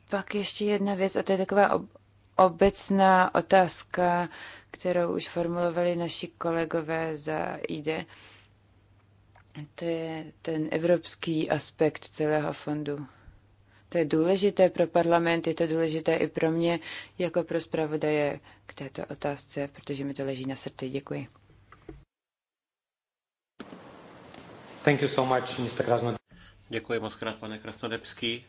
pak ještě jedna věc, a to je taková obecná otázka, kterou už formulovali naši kolegové za ID. To je ten evropský aspekt celého fondu. To je důležité pro parlament, je to důležité i pro mě, jako pro zpravodaje k této otázce, protože mi to leží na srdci. Děkuji. Thank you so much, Mr. Děkuji moc krát, pane Krasnodebský.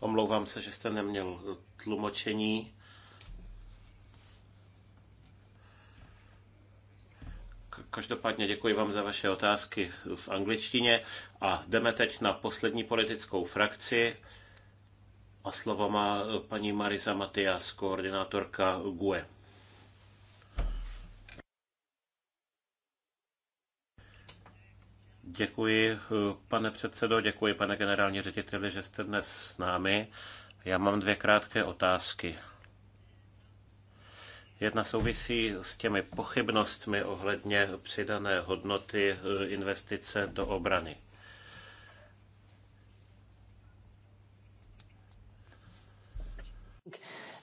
Omlouvám se, že jste neměl tlumočení. Každopádně děkuji vám za vaše otázky v angličtině a jdeme teď na poslední politickou frakci. A slovo má paní Marisa Matias, koordinátorka GUE. Děkuji, pane předsedo, děkuji, pane generální řediteli, že jste dnes s námi. Já mám dvě krátké otázky. Jedna souvisí s těmi pochybnostmi ohledně přidané hodnoty e, investice do obrany.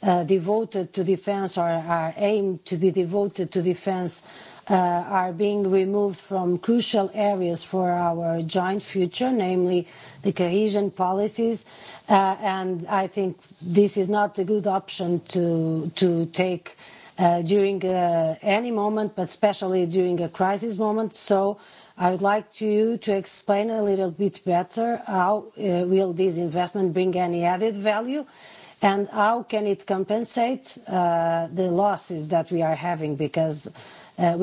Uh, devoted to defense or are aimed to be devoted to defense uh, are being removed from crucial areas for our joint future, namely the cohesion policies. Uh, and I think this is not a good option to, to take Uh, during uh, any moment, but especially during a crisis moment. So I would like you to, explain a little bit better how uh, will this investment bring any added value, and how can it compensate the losses that we are having? Because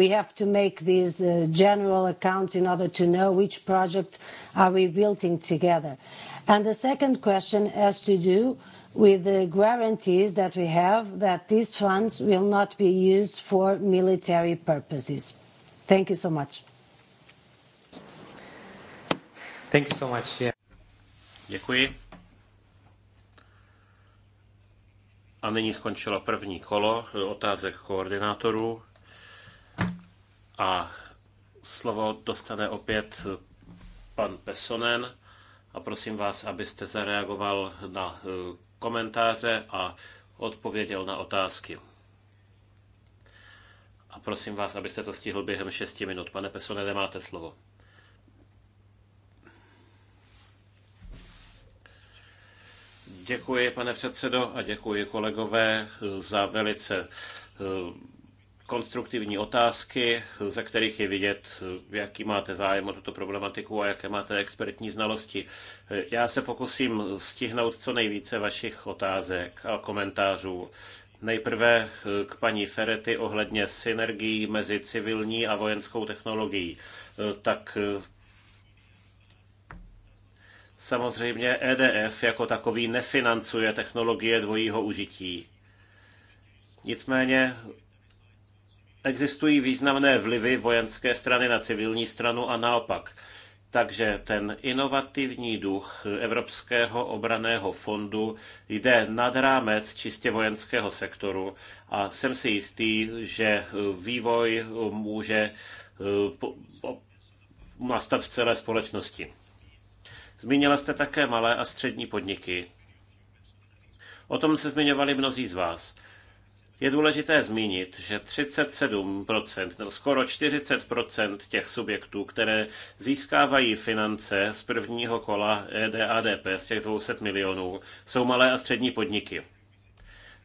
we have to make these general accounts in order to know which project are we building together. And the second question has to do with the guarantees that we have that these funds will not be used for military purposes. Thank you so much. Thank you so much. Yeah. Děkuji. A nyní skončilo první kolo otázek koordinátorů. A slovo dostane opět pan Pesonen. A prosím vás, abyste zareagoval na eh, komentáře a odpověděl na otázky. A prosím vás, abyste to stihl během 6 minut. Pane Pesone, nemáte slovo. Děkuji, pane předsedo, a děkuji kolegové za velice eh, konstruktivní otázky, ze kterých je vidět, jaký máte zájem o tuto problematiku a jaké máte expertní znalosti. Já se pokusím stihnout co nejvíce vašich otázek a komentářů. Nejprve k paní Ferety ohledně synergií mezi civilní a vojenskou technologií. Tak samozřejmě EDF jako takový nefinancuje technologie dvojího užití. Nicméně existují významné vlivy vojenské strany na civilní stranu a naopak. Takže ten inovativní duch Evropského obraného fondu jde nad rámec čistě vojenského sektoru a jsem si jistý, že vývoj může eh, nastat v celé společnosti. Zmínila jste také malé a střední podniky. O tom se zmiňovali mnozí z vás. Je důležité zmínit, že 37%, nebo skoro 40% těch subjektů, které získávají finance z prvního kola EDADP, z těch 200 milionů, jsou malé a střední podniky.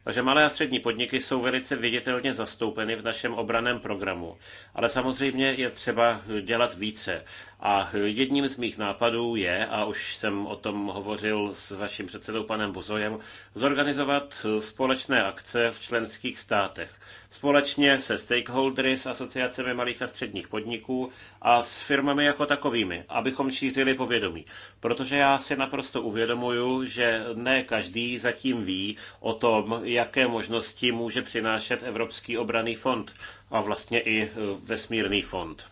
Takže malé a střední podniky jsou velice viditelně zastoupeny v našem obraném programu. Ale samozřejmě je třeba dělat více. A jedním z mých nápadů je, a už jsem o tom hovořil s vaším předsedou panem Buzojem, zorganizovat společné akce v členských státech. Společně se stakeholdery, s asociacemi malých a středních podniků a s firmami jako takovými, abychom šířili povědomí. Protože já si naprosto uvědomuju, že ne každý zatím ví o tom, jaké možnosti může přinášet Evropský obraný fond a vlastně i vesmírný fond.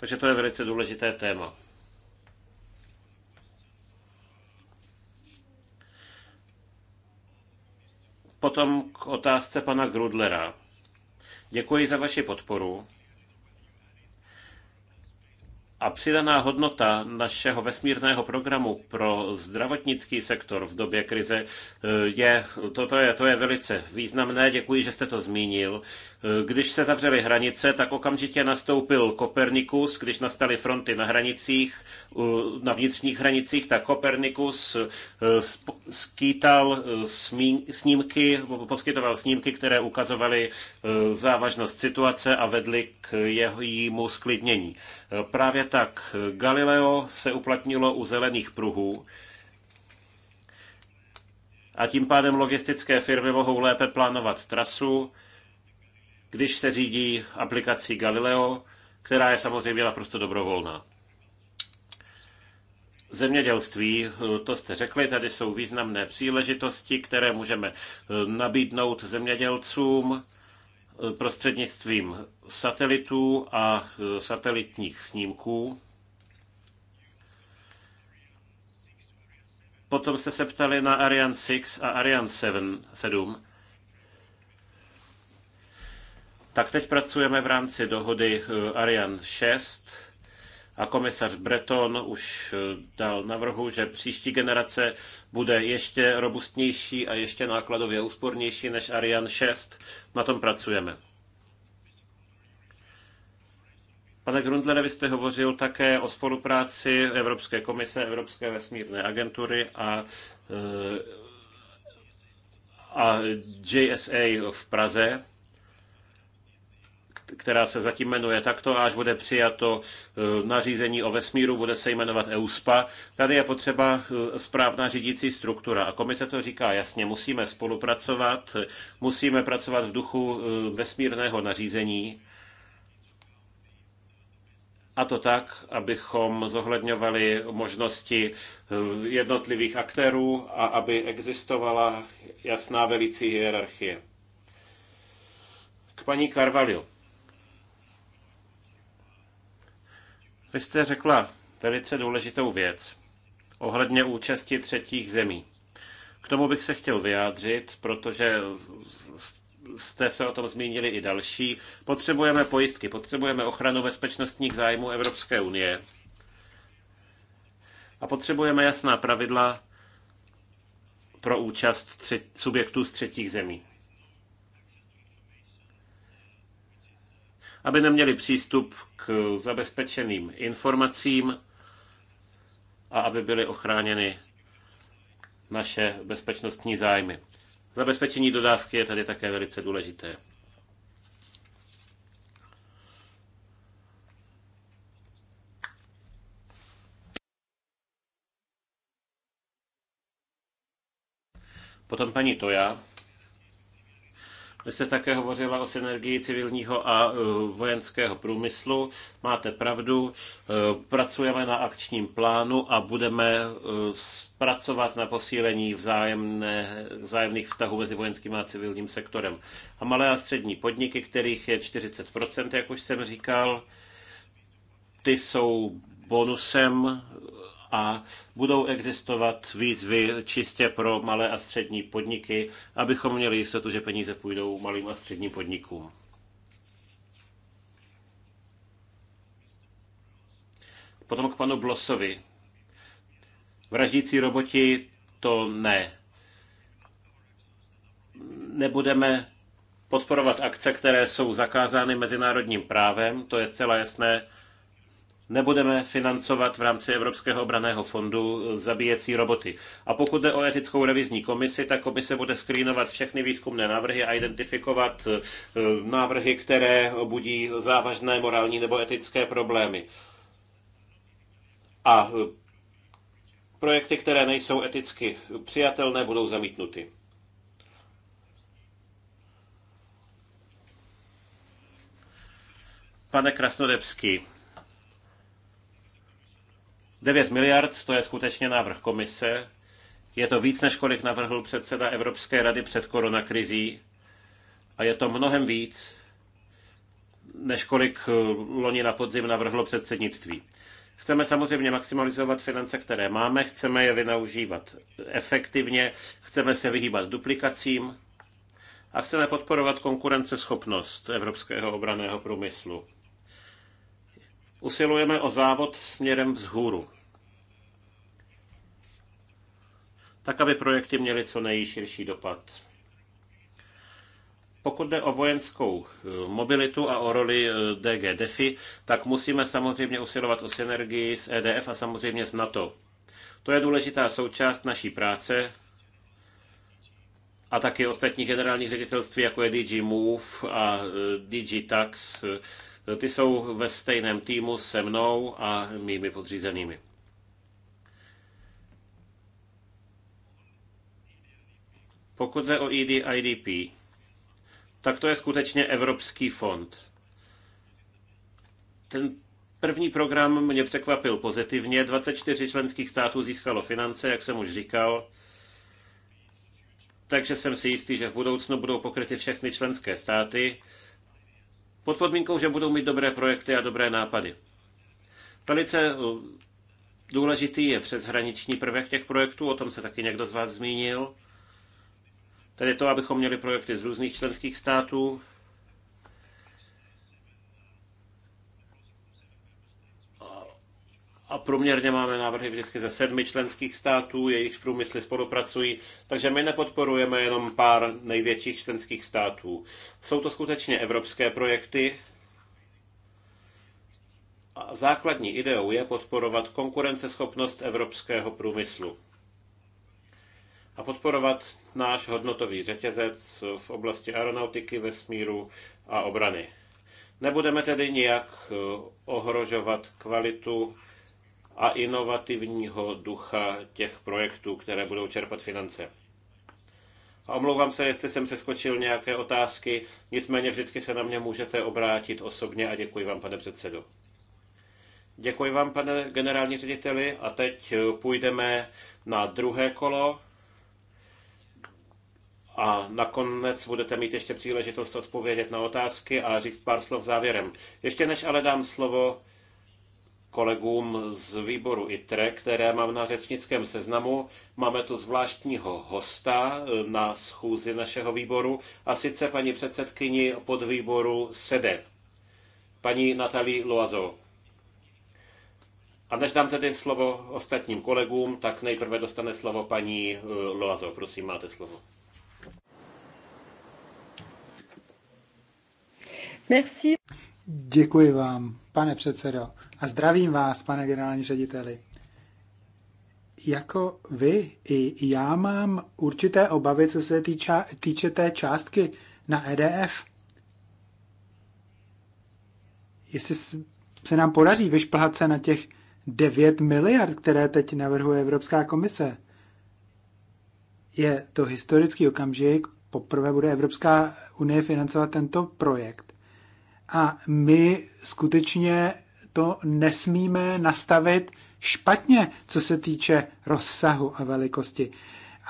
Takže to je velice důležité téma. Potom k otázce pana Grudlera. Děkuji za vaši podporu. A přidaná hodnota našeho vesmírného programu pro zdravotnický sektor v době krize eh, je, to, to, je, to je velice významné. Děkuji, že jste to zmínil. Když se zavřely hranice, tak okamžitě nastoupil Kopernikus, když nastaly fronty na hranicích, na vnitřních hranicích, tak Kopernikus eh, skýtal eh, snímky, poskytoval snímky, které ukazovaly eh, závažnost situace a vedly k jejímu sklidnění. Právě tak Galileo se uplatnilo u zelených pruhů, a tím pádem logistické firmy mohou lépe plánovat trasu, když se řídí aplikací Galileo, která je samozřejmě naprosto dobrovolná. Zemědělství, to jste řekli, tady jsou významné příležitosti, které můžeme eh, nabídnout zemědělcům eh, prostřednictvím satelitů a eh, satelitních snímků. Potom jste se ptali na Ariane 6 a Ariane 7. Tak teď pracujeme v rámci dohody eh, Ariane 6 a komisař Breton už eh, dal navrhu, že příští generace bude ještě robustnější a ještě nákladově úspornější než Ariane 6. Na tom pracujeme. Pane Grundlere, vy jste hovořil také o spolupráci Evropské komise, Evropské vesmírné agentury a, eh, a JSA v Praze která se zatím jmenuje takto, až bude přijato e, nařízení o vesmíru, bude se jmenovat EUSPA. Tady je potřeba e, správná řídící struktura a komise to říká jasně, musíme spolupracovat, musíme pracovat v duchu e, vesmírného nařízení, a to tak, abychom zohledňovali možnosti jednotlivých aktérů a aby existovala jasná velicí hierarchie. K paní Carvalho. Vy jste řekla velice důležitou věc ohledně účasti třetích zemí. K tomu bych se chtěl vyjádřit, protože jste se o tom zmínili i další. Potřebujeme pojistky, potřebujeme ochranu bezpečnostních zájmů Evropské unie a potřebujeme jasná pravidla pro účast tři, subjektů z třetích zemí. aby neměli přístup k zabezpečeným informacím a aby byly ochráněny naše bezpečnostní zájmy. Zabezpečení dodávky je tady také velice důležité. Potom paní Toja jste také hovořila o synergii civilního a e, vojenského průmyslu. Máte pravdu, e, pracujeme na akčním plánu a budeme e, pracovat na posílení vzájemné, vzájemných vztahů mezi vojenským a civilním sektorem. A malé a střední podniky, kterých je 40%, jak už jsem říkal, ty jsou bonusem a budou existovat výzvy čistě pro malé a střední podniky, abychom měli jistotu, že peníze půjdou malým a středním podnikům. Potom k panu Blosovi. Vraždící roboti to ne. Nebudeme podporovat akce, které jsou zakázány mezinárodním právem, to je zcela jasné nebudeme financovat v rámci Evropského obraného fondu zabíjecí roboty. A pokud jde o etickou revizní komisi, tak komise bude skrýnovat všechny výzkumné návrhy a identifikovat eh, návrhy, které budí závažné morální nebo etické problémy. A eh, projekty, které nejsou eticky přijatelné, budou zamítnuty. Pane Krasnodebský, 9 miliard, to je skutečně návrh komise. Je to víc, než kolik navrhl předseda Evropské rady před koronakrizí. A je to mnohem víc, než kolik eh, loni na podzim navrhlo předsednictví. Chceme samozřejmě maximalizovat finance, které máme, chceme je vynaužívat efektivně, chceme se vyhýbat duplikacím a chceme podporovat konkurenceschopnost evropského obraného průmyslu usilujeme o závod směrem vzhůru. Tak, aby projekty měly co nejširší dopad. Pokud jde o vojenskou eh, mobilitu a o roli eh, DG DEFI, tak musíme samozřejmě usilovat o synergii s EDF a samozřejmě s NATO. To je důležitá součást naší práce a taky ostatních generálních ředitelství, jako je DG Move a eh, DG Tax, ty jsou ve stejném týmu se mnou a mými podřízenými. Pokud jde o EDIDP, tak to je skutečně Evropský fond. Ten první program mě překvapil pozitivně. 24 členských států získalo finance, jak jsem už říkal. Takže jsem si jistý, že v budoucnu budou pokryty všechny členské státy. Pod podmínkou, že budou mít dobré projekty a dobré nápady. Velice eh, důležitý je přeshraniční prvek těch projektů, o tom se taky někdo z vás zmínil. Tedy to, abychom měli projekty z různých členských států, a průměrně máme návrhy vždycky ze sedmi členských států, jejichž průmysly spolupracují, takže my nepodporujeme jenom pár největších členských států. Jsou to skutečně evropské projekty, a základní ideou je podporovat konkurenceschopnost evropského průmyslu a podporovat náš hodnotový řetězec v oblasti aeronautiky, vesmíru a obrany. Nebudeme tedy nijak eh, ohrožovat kvalitu a inovativního ducha těch projektů, které budou čerpat finance. A omlouvám se, jestli jsem přeskočil nějaké otázky, nicméně vždycky se na mě můžete obrátit osobně a děkuji vám, pane předsedo. Děkuji vám, pane generální řediteli, a teď půjdeme na druhé kolo. A nakonec budete mít ještě příležitost odpovědět na otázky a říct pár slov závěrem. Ještě než ale dám slovo kolegům z výboru ITRE, které mám na řečnickém seznamu. Máme tu zvláštního hosta e, na schůzi našeho výboru, a sice paní předsedkyni podvýboru SEDE, paní Natalie Loazo. A než dám tedy slovo ostatním kolegům, tak nejprve dostane slovo paní e, Loazo. Prosím, máte slovo. Merci. Děkuji vám, pane předsedo, a zdravím vás, pane generální řediteli. Jako vy, i já mám určité obavy, co se týča, týče té částky na EDF. Jestli se nám podaří vyšplhat se na těch 9 miliard, které teď navrhuje Evropská komise. Je to historický okamžik, poprvé bude Evropská unie financovat tento projekt. A my skutečně to nesmíme nastavit špatně, co se týče rozsahu a velikosti.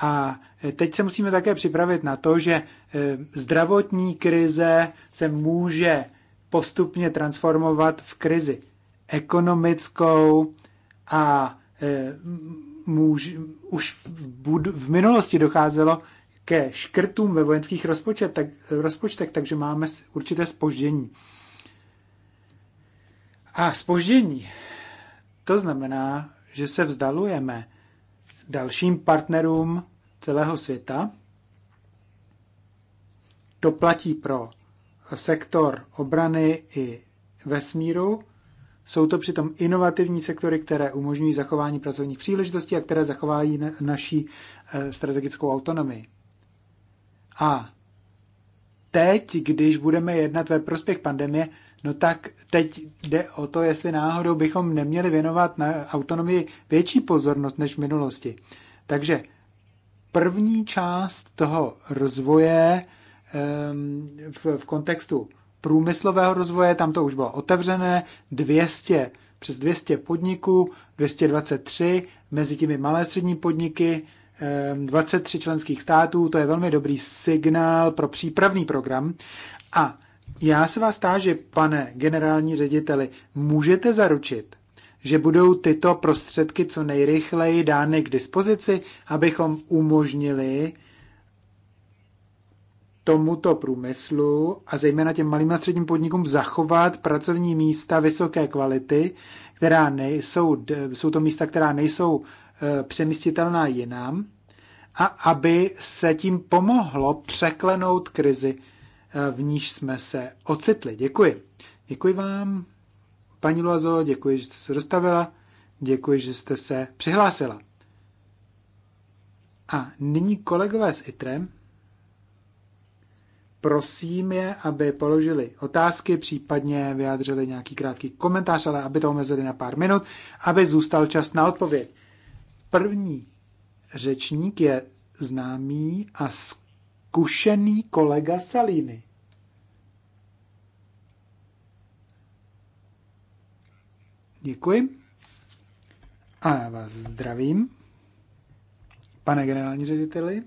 A teď se musíme také připravit na to, že eh, zdravotní krize se může postupně transformovat v krizi ekonomickou a eh, může, už v, budu, v minulosti docházelo ke škrtům ve vojenských rozpočet, tak, rozpočtech, takže máme určité spoždění. A spoždění, to znamená, že se vzdalujeme dalším partnerům celého světa. To platí pro sektor obrany i vesmíru. Jsou to přitom inovativní sektory, které umožňují zachování pracovních příležitostí a které zachovají naší eh, strategickou autonomii. A teď, když budeme jednat ve prospěch pandemie, no tak teď jde o to, jestli náhodou bychom neměli věnovat na autonomii větší pozornost než v minulosti. Takže první část toho rozvoje v, v kontextu průmyslového rozvoje, tam to už bylo otevřené, 200, přes 200 podniků, 223, mezi těmi malé střední podniky, 23 ehm, členských států, to je velmi dobrý signál pro přípravný program. A já se vás táži, pane generální řediteli, můžete zaručit, že budou tyto prostředky co nejrychleji dány k dispozici, abychom umožnili tomuto průmyslu a zejména těm malým a středním podnikům zachovat pracovní místa vysoké kvality, která nejsou, jsou to místa, která nejsou Eh, přemístitelná jinam a aby se tím pomohlo překlenout krizi, eh, v níž jsme se ocitli. Děkuji. Děkuji vám, paní Luazo, děkuji, že jste se dostavila, děkuji, že jste se přihlásila. A nyní kolegové s ITREM, prosím je, aby položili otázky, případně vyjádřili nějaký krátký komentář, ale aby to omezili na pár minut, aby zůstal čas na odpověď. První řečník je známý a zkušený kolega Salini. Děkuji. A já vás zdravím, pane generální řediteli.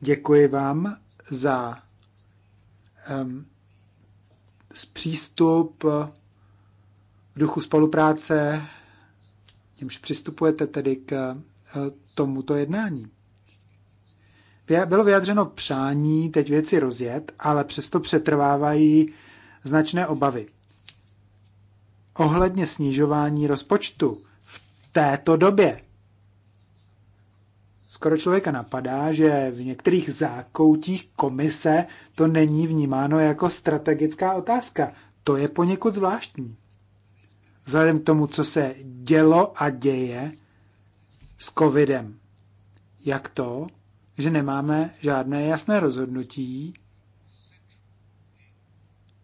Děkuji vám za um, ehm, přístup v duchu spolupráce jimž přistupujete tedy k eh, tomuto jednání. Bylo vyjadřeno přání teď věci rozjet, ale přesto přetrvávají značné obavy. Ohledně snižování rozpočtu v této době. Skoro člověka napadá, že v některých zákoutích komise to není vnímáno jako strategická otázka. To je poněkud zvláštní vzhledem k tomu, co se dělo a děje s covidem. Jak to, že nemáme žádné jasné rozhodnutí,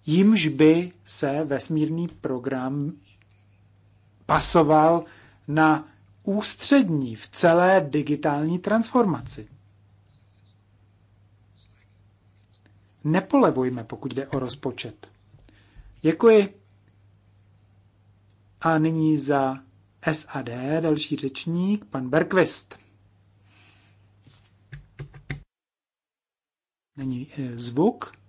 jimž by se vesmírný program pasoval na ústřední v celé digitální transformaci. Nepolevujme, pokud jde o rozpočet. Děkuji. A nyní za SAD další řečník, pan Berkvist. Není eh, zvuk.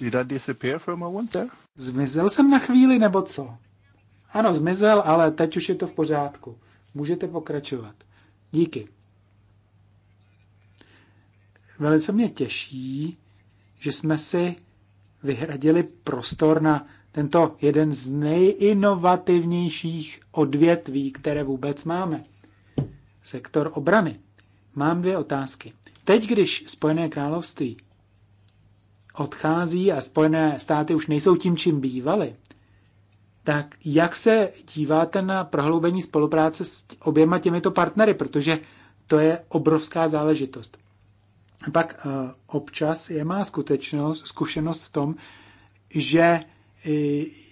Did I disappear for a there? Zmizel jsem na chvíli, nebo co? Ano, zmizel, ale teď už je to v pořádku. Můžete pokračovat. Díky. Velice mě těší, že jsme si vyhradili prostor na tento jeden z nejinovativnějších odvětví, které vůbec máme. Sektor obrany. Mám dvě otázky. Teď, když Spojené království odchází a Spojené státy už nejsou tím, čím bývaly, tak jak se díváte na prohloubení spolupráce s oběma těmito partnery, protože to je obrovská záležitost. pak eh, občas je má skutečnost, zkušenost v tom, že eh,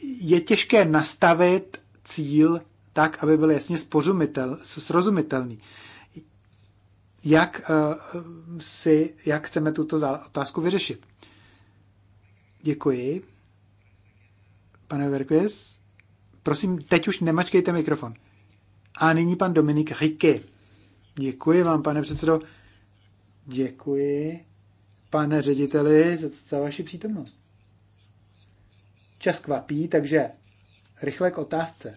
je těžké nastavit cíl tak, aby byl jasně spořumitel, srozumitelný. Jak, eh, si, jak chceme tuto otázku vyřešit? Děkuji. Pane Verkvěs, prosím, teď už nemačkejte mikrofon. A nyní pan Dominik Riky. Děkuji vám, pane předsedo. Děkuji, pane řediteli, za, za vaši přítomnost. Čas kvapí, takže rychle k otázce.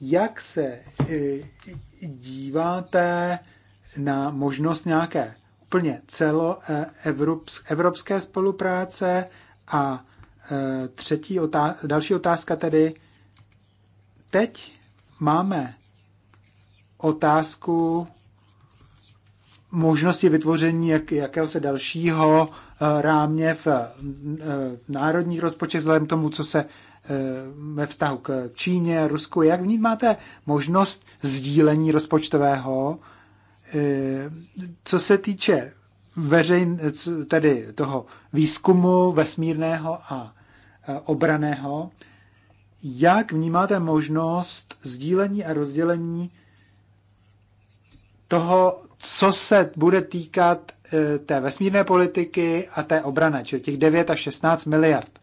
Jak se eh, díváte na možnost nějaké plně celo eh, evropské spolupráce a eh, třetí otá- další otázka tedy. Teď máme otázku možnosti vytvoření jak, se dalšího eh, rámě v národních rozpočtech, vzhledem tomu, co se ve vztahu k Číně, Rusku. Jak vnímáte možnost sdílení rozpočtového Eh, co se týče veřejn, eh, tedy toho výzkumu vesmírného a eh, obraného, jak vnímáte možnost sdílení a rozdělení toho, co se bude týkat té vesmírné politiky a té obrany, čili těch 9 až 16 miliard?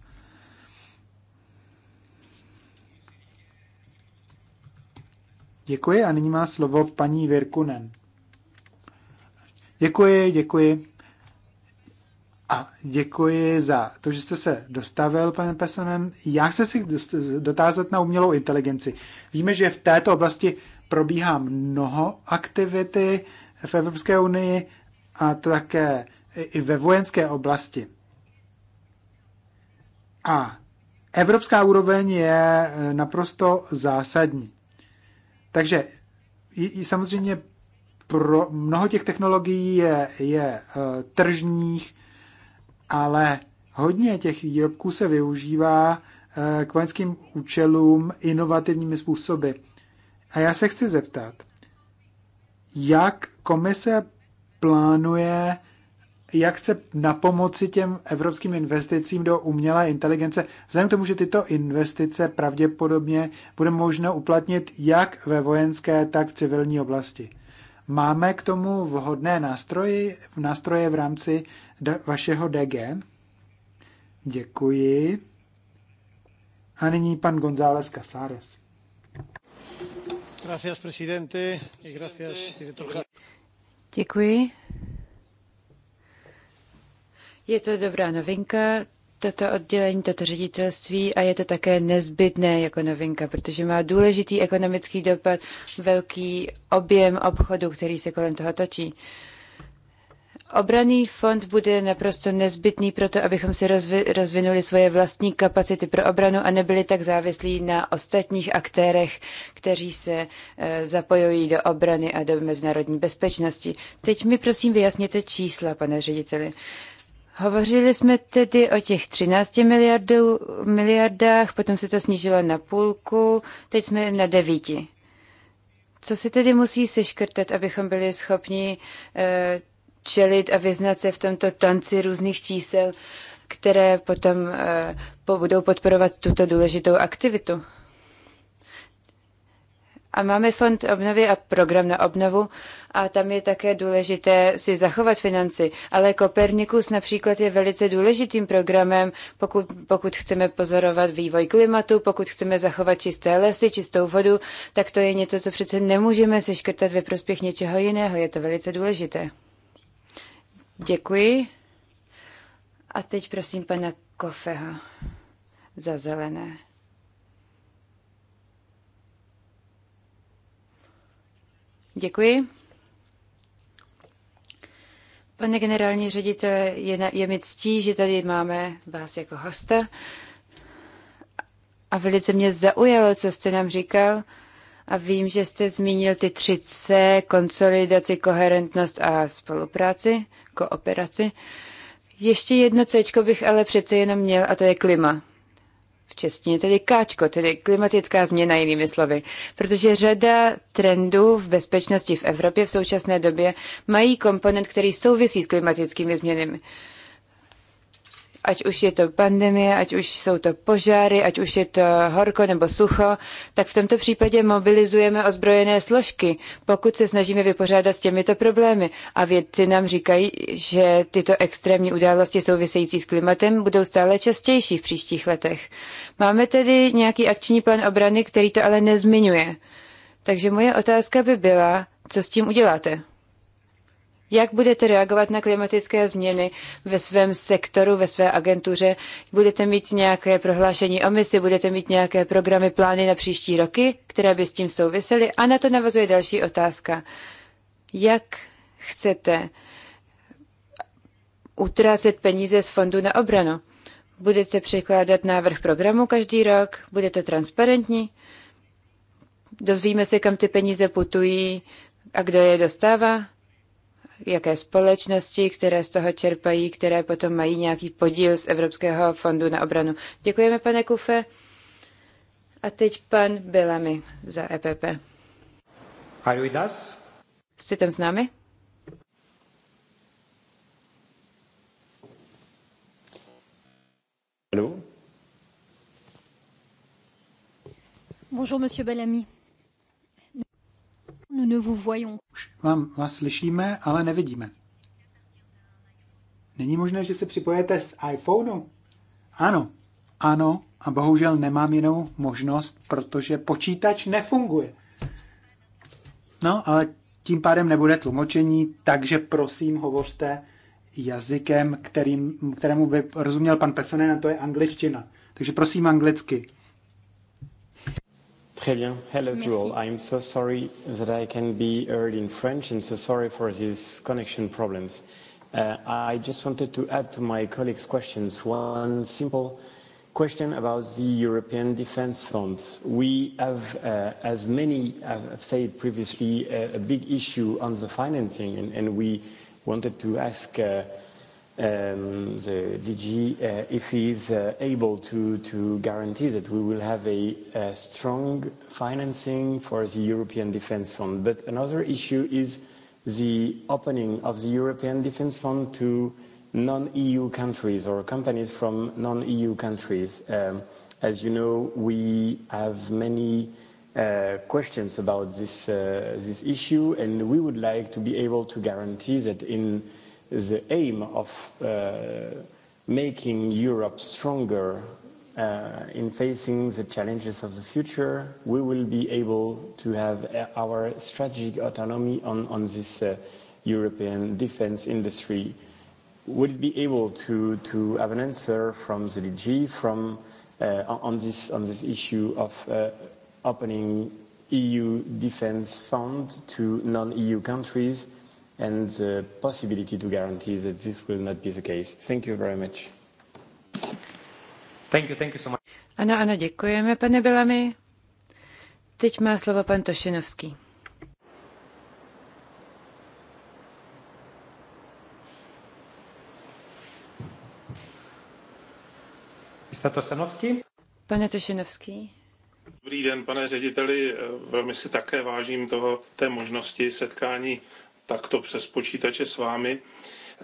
Děkuji a nyní má slovo paní Virkunen. Děkuji, děkuji. A děkuji za to, že jste se dostavil, pane Pesanen. Já chci si dotázat na umělou inteligenci. Víme, že v této oblasti probíhá mnoho aktivity v Evropské unii a také i ve vojenské oblasti. A evropská úroveň je eh, naprosto zásadní. Takže samozřejmě pro mnoho těch technologií je, je eh, tržních, ale hodně těch výrobků se využívá eh, k vojenským účelům inovativními způsoby. A já se chci zeptat, jak komise plánuje, jak chce na pomoci těm evropským investicím do umělé inteligence, vzhledem k tomu, že tyto investice pravděpodobně bude možno uplatnit jak ve vojenské, tak v civilní oblasti. Máme k tomu vhodné nástroje, nástroje v rámci vašeho DG? Děkuji. A nyní pan González Casares. Gracias, presidente, gracias, Děkuji. Je to dobrá novinka, toto oddělení, toto ředitelství a je to také nezbytné jako novinka, protože má důležitý ekonomický dopad, velký objem obchodu, který se kolem toho točí. Obraný fond bude naprosto nezbytný pro to, abychom si rozvi- rozvinuli svoje vlastní kapacity pro obranu a nebyli tak závislí na ostatních aktérech, kteří se e, zapojují do obrany a do mezinárodní bezpečnosti. Teď mi prosím vyjasněte čísla, pane řediteli. Hovořili jsme tedy o těch 13 miliardů, miliardách, potom se to snížilo na půlku, teď jsme na devíti. Co se tedy musí seškrtat, abychom byli schopni e, čelit a vyznat se v tomto tanci různých čísel, které potom e, budou podporovat tuto důležitou aktivitu? A máme fond obnovy a program na obnovu a tam je také důležité si zachovat financi. Ale Kopernikus například je velice důležitým programem, pokud, pokud chceme pozorovat vývoj klimatu, pokud chceme zachovat čisté lesy, čistou vodu, tak to je něco, co přece nemůžeme seškrtat ve prospěch něčeho jiného. Je to velice důležité. Děkuji. A teď prosím pana Kofeha za zelené. Děkuji. Pane generální ředitele, je, na, je mi ctí, že tady máme vás jako hosta. A velice mě zaujalo, co jste nám říkal. A vím, že jste zmínil ty tři C, konsolidaci, koherentnost a spolupráci, kooperaci. Ještě jedno C bych ale přece jenom měl, a to je klima v češtině tedy káčko, tedy klimatická změna jinými slovy. Protože řada trendů v bezpečnosti v Evropě v současné době mají komponent, který souvisí s klimatickými změnami ať už je to pandemie, ať už jsou to požáry, ať už je to horko nebo sucho, tak v tomto případě mobilizujeme ozbrojené složky, pokud se snažíme vypořádat s těmito problémy. A vědci nám říkají, že tyto extrémní události související s klimatem budou stále častější v příštích letech. Máme tedy nějaký akční plán obrany, který to ale nezmiňuje. Takže moje otázka by byla, co s tím uděláte? Jak budete reagovat na klimatické změny ve svém sektoru, ve své agentuře? Budete mít nějaké prohlášení o misi, budete mít nějaké programy, plány na příští roky, které by s tím souvisely? A na to navazuje další otázka. Jak chcete utrácet peníze z Fondu na obranu? Budete překládat návrh programu každý rok? Bude to transparentní? Dozvíme se, kam ty peníze putují a kdo je dostává? jaké společnosti, které z toho čerpají, které potom mají nějaký podíl z Evropského fondu na obranu. Děkujeme, pane Kufe. A teď pan Bellamy za EPP. Are with us? Jste tam s námi? Hello. Bonjour, monsieur Bellamy. Nous ne vous voyons. vám, vás slyšíme, ale nevidíme. Není možné, že se připojete z iPhoneu? Ano, ano, a bohužel nemám jinou možnost, protože počítač nefunguje. No, ale tím pádem nebude tlumočení, takže prosím, hovořte jazykem, kterým, kterému by rozuměl pan Pesonen, a to je angličtina. Takže prosím anglicky. Très bien. Hello to all. I'm so sorry that I can be heard in French and so sorry for these connection problems. Uh, I just wanted to add to my colleagues' questions one simple question about the European Defence Fund. We have, uh, as many have said previously, uh, a big issue on the financing, and, and we wanted to ask uh, Um, the DG, uh, if he is uh, able to, to guarantee that we will have a, strong financing for the European Defence Fund. But another issue is the opening of the European Defence Fund to non-EU countries or companies from non-EU countries. Um, as you know, we have many uh, questions about this, this issue, and we would like to be able to guarantee that in the aim of uh, making Europe stronger uh, in facing the challenges of the future, we will be able to have uh, our strategic autonomy on, on this uh, European defense industry. it be able to, to have an answer from the DG from, uh, on, this, on this issue of uh, opening EU defense fund to non-EU countries and the possibility to guarantee that this will not be the case. Thank you very much. Thank you, thank you so much. Ano, ano, děkujeme, pane Bilami. Teď má slovo pan Tošinovský. Jste Tošinovský? Pane Tošinovský. Dobrý den, pane řediteli. Velmi si také vážím toho, té možnosti setkání takto přes počítače s vámi. Eh,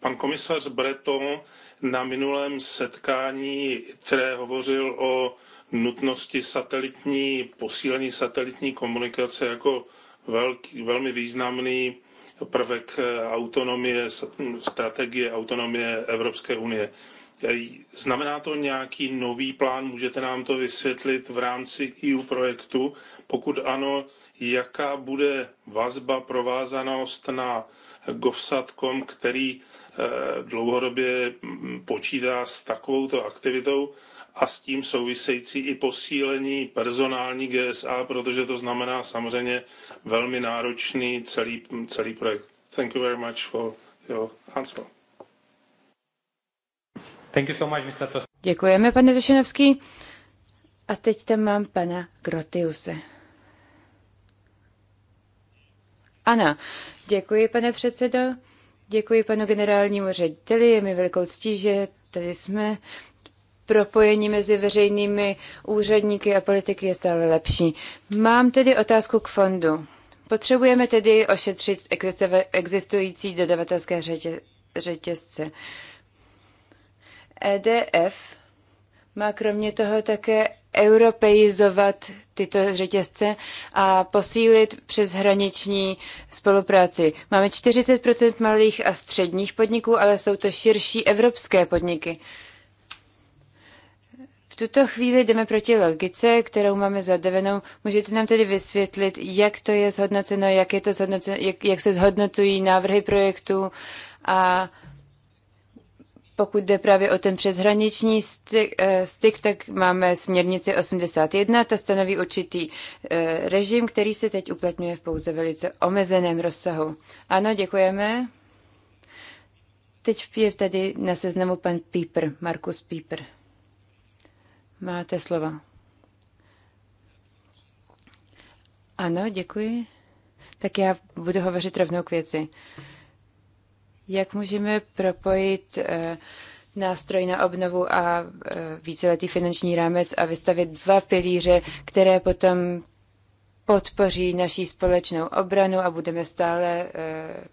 pan komisař Breton na minulém setkání, které hovořil o nutnosti satelitní, posílení satelitní komunikace jako velký, velmi významný prvek autonomie, strategie autonomie Evropské unie. Eh, znamená to nějaký nový plán? Můžete nám to vysvětlit v rámci EU projektu? Pokud ano, jaká bude vazba, provázanost na govsatcom, který eh, dlouhodobě mm, počítá s takovouto aktivitou a s tím související i posílení personální GSA, protože to znamená samozřejmě velmi náročný celý, celý projekt. Thank you very much for your answer. Thank you so much, Mr. Tos. Děkujeme, pane Tošenovský. A teď tam mám pana Grotiuse. Ano, Děkuji, pane předsedo. Děkuji panu generálnímu řediteli. Je mi velkou ctí, že tady jsme. Propojení mezi veřejnými úředníky a politiky je stále lepší. Mám tedy otázku k fondu. Potřebujeme tedy ošetřit existující dodavatelské řetězce. EDF má kromě toho také europeizovat tyto řetězce a posílit přeshraniční spolupráci. Máme 40 malých a středních podniků, ale jsou to širší evropské podniky. V tuto chvíli jdeme proti logice, kterou máme zadevenou. Můžete nám tedy vysvětlit, jak to je zhodnoceno, jak, je to zhodnoceno, jak, jak se zhodnocují návrhy projektů a pokud jde právě o ten přeshraniční styk, eh, styk, tak máme směrnici 81, ta stanoví určitý eh, režim, který se teď uplatňuje v pouze velice omezeném rozsahu. Ano, děkujeme. Teď je tady na seznamu pan Píper, Markus Píper. Máte slova. Ano, děkuji. Tak já budu hovořit rovnou k věci. Uh, jak můžeme propojit eh, nástroj na obnovu a eh, víceletý finanční rámec a vystavit dva pilíře, které potom podpoří naší společnou obranu a budeme stále eh,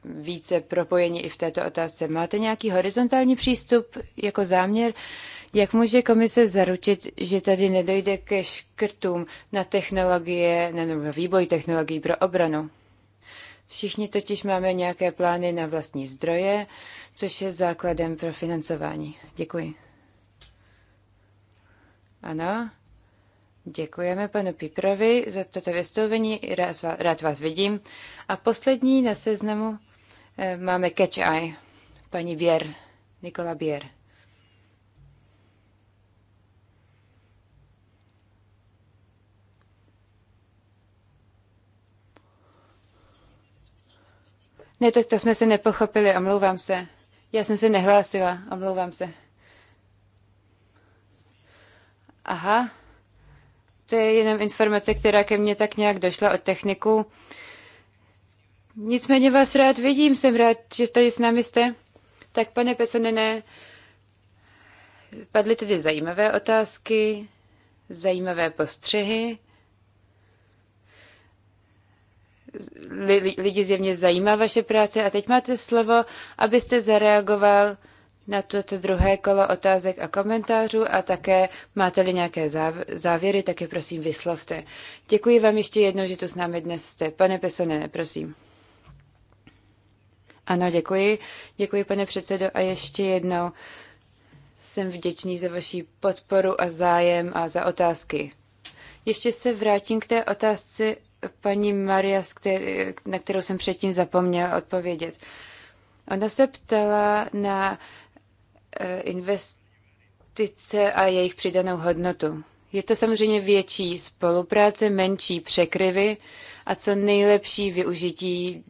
více propojeni i v této otázce. Máte nějaký horizontální přístup jako záměr? Jak může komise zaručit, že tady nedojde ke škrtům na technologie, na výboj technologií pro obranu? Všichni totiž máme nějaké plány na vlastní zdroje, což je základem pro financování. Děkuji. Ano. Děkujeme panu Piprovi za toto vystoupení, rád vás vidím. A poslední na seznamu eh, máme Catch Eye, paní Bier, Nikola Bier. Ne, tak to jsme se nepochopili, omlouvám se. Já jsem se nehlásila, omlouvám se. Aha, to je jenom informace, která ke mně tak nějak došla od techniku. Nicméně vás rád vidím, jsem rád, že tady s námi jste. Tak pane Pesonene, padly tedy zajímavé otázky, zajímavé postřehy lidi zjevně zajímá vaše práce a teď máte slovo, abyste zareagoval na toto druhé kolo otázek a komentářů a také máte-li nějaké závěry, tak je prosím vyslovte. Děkuji vám ještě jednou, že tu s námi dnes jste. Pane Pesonene, prosím. Ano, děkuji. Děkuji, pane předsedo. A ještě jednou jsem vděčný za vaši podporu a zájem a za otázky. Ještě se vrátím k té otázce paní Maria, na kterou jsem předtím zapomněl odpovědět. Ona se ptala na eh, investice a jejich přidanou hodnotu. Je to samozřejmě větší spolupráce, menší překryvy a co nejlepší využití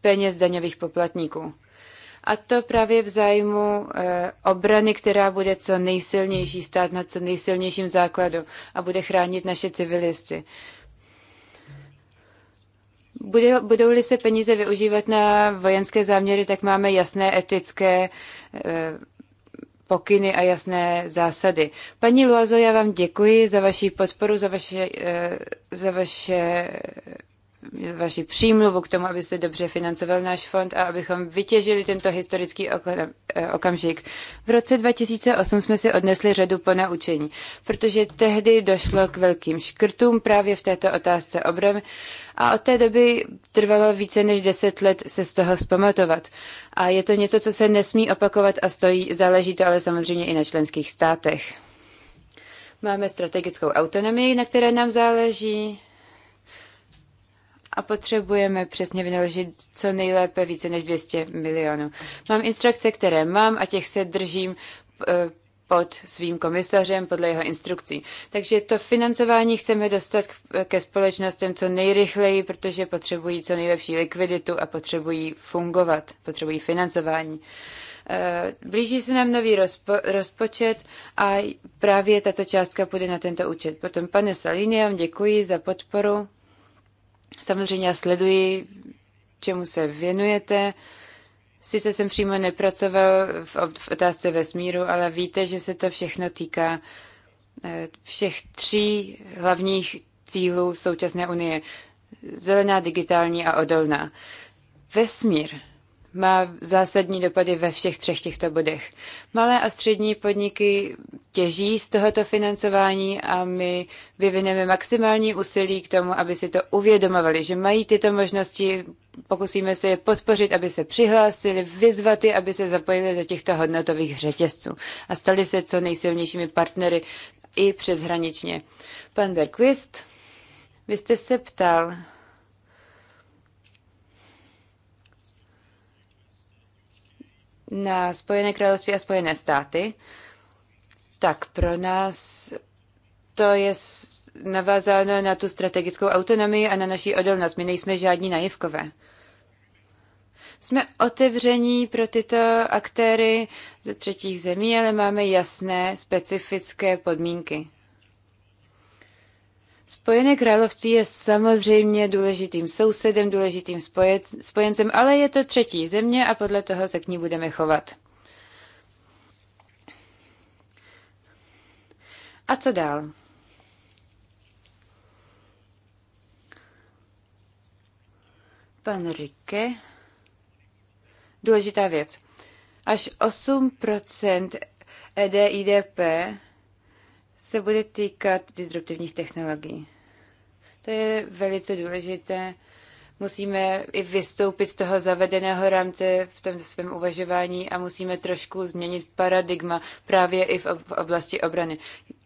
peněz daňových poplatníků. A to právě v zájmu eh, obrany, která bude co nejsilnější stát na co nejsilnějším základu a bude chránit naše civilisty budou-li se peníze využívat na vojenské záměry, tak máme jasné etické eh, pokyny a jasné zásady. Paní Luazo, já vám děkuji za vaši podporu, za vaše, eh, za vaše vaši přímluvu k tomu, aby se dobře financoval náš fond a abychom vytěžili tento historický eh, okamžik. V roce 2008 jsme si odnesli řadu ponaučení, protože tehdy došlo k velkým škrtům právě v této otázce obrany a od té doby trvalo více než 10 let se z toho vzpamatovat. A je to něco, co se nesmí opakovat a stojí, záleží to ale samozřejmě i na členských státech. Máme strategickou autonomii, na které nám záleží a potřebujeme přesně vynaložit co nejlépe více než 200 milionů. Mám instrukce, které mám a těch se držím eh, pod svým komisařem podle jeho instrukcí. Takže to financování chceme dostat ke společnostem co nejrychleji, protože potřebují co nejlepší likviditu a potřebují fungovat, potřebují financování. Eh, blíží se nám nový rozpo, rozpočet a právě tato částka půjde na tento účet. Potom, pane Salini, vám děkuji za podporu Samozřejmě já sleduji, čemu se věnujete. Sice jsem přímo nepracoval v, v otázce vesmíru, ale víte, že se to všechno týká eh, všech tří hlavních cílů současné unie. Zelená, digitální a odolná. Vesmír má zásadní dopady ve všech třech těchto bodech. Malé a střední podniky těží z tohoto financování a my vyvineme maximální úsilí k tomu, aby si to uvědomovali, že mají tyto možnosti, pokusíme se je podpořit, aby se přihlásili, vyzvat je, aby se zapojili do těchto hodnotových řetězců a stali se co nejsilnějšími partnery i přeshraničně. Pan Berquist, vy jste se ptal na Spojené království a Spojené státy, tak pro nás to je navázáno na tu strategickou autonomii a na naší odolnost. My nejsme žádní naivkové. Jsme otevření pro tyto aktéry ze třetích zemí, ale máme jasné specifické podmínky. Spojené království je samozřejmě důležitým sousedem, důležitým spojec, spojencem, ale je to třetí země a podle toho se k ní budeme chovat. A co dál? Pan Rike. Důležitá věc. Až 8 EDIDP se bude týkat disruptivních technologií. To je velice důležité. Musíme i vystoupit z toho zavedeného rámce v tom svém uvažování a musíme trošku změnit paradigma právě i v oblasti obrany.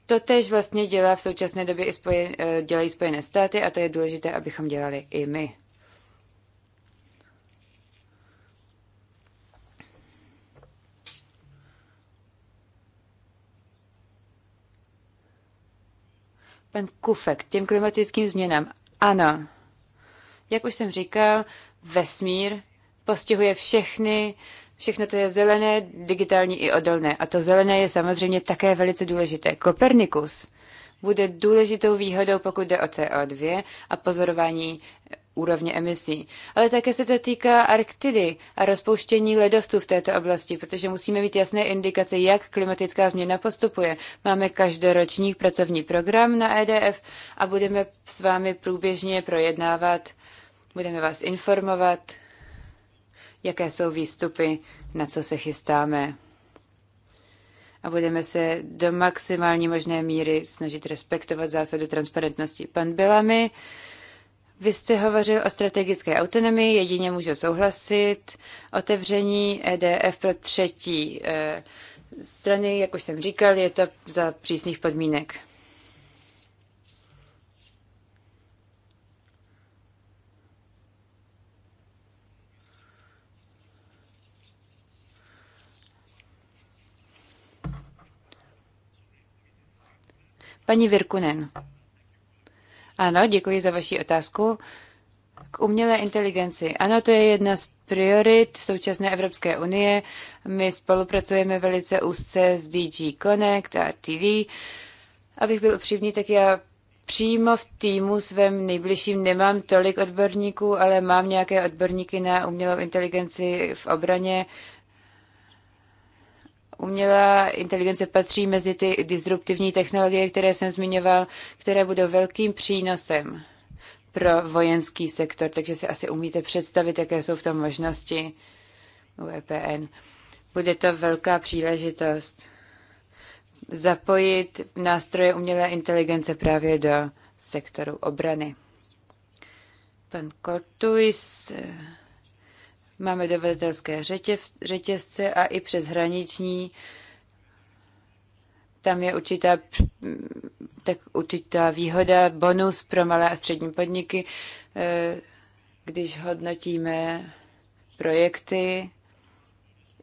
To tež vlastně dělá v současné době i spojen, eh, dělají Spojené státy a to je důležité, abychom dělali i my. Pan Kufek, těm klimatickým změnám. Ano. Jak už jsem říkal, vesmír postihuje všechny, všechno to je zelené, digitální i odolné. A to zelené je samozřejmě také velice důležité. Kopernikus bude důležitou výhodou, pokud jde o CO2 a pozorování úrovně emisí. Ale také se to týká Arktidy a rozpouštění ledovců v této oblasti, protože musíme mít jasné indikace, jak klimatická změna postupuje. Máme každoroční pracovní program na EDF a budeme s vámi průběžně projednávat, budeme vás informovat, jaké jsou výstupy, na co se chystáme. A budeme se do maximální možné míry snažit respektovat zásadu transparentnosti. Pan Bellamy, vy jste hovořil o strategické autonomii, jedině můžu souhlasit. Otevření EDF pro třetí eh, strany, jak už jsem říkal, je to za přísných podmínek. Paní Virkunen. Ano, děkuji za vaši otázku. K umělé inteligenci. Ano, to je jedna z priorit současné Evropské unie. My spolupracujeme velice úzce s DG Connect a TD. Abych byl upřímný, tak já přímo v týmu svém nejbližším nemám tolik odborníků, ale mám nějaké odborníky na umělou inteligenci v obraně Umělá inteligence patří mezi ty disruptivní technologie, které jsem zmiňoval, které budou velkým přínosem pro vojenský sektor, takže si asi umíte představit, jaké jsou v tom možnosti u EPN. Bude to velká příležitost zapojit nástroje umělé inteligence právě do sektoru obrany. Pan Kortuis Máme dodavatelské řetězce a i přeshraniční. Tam je určitá, tak určitá výhoda, bonus pro malé a střední podniky, eh, když hodnotíme projekty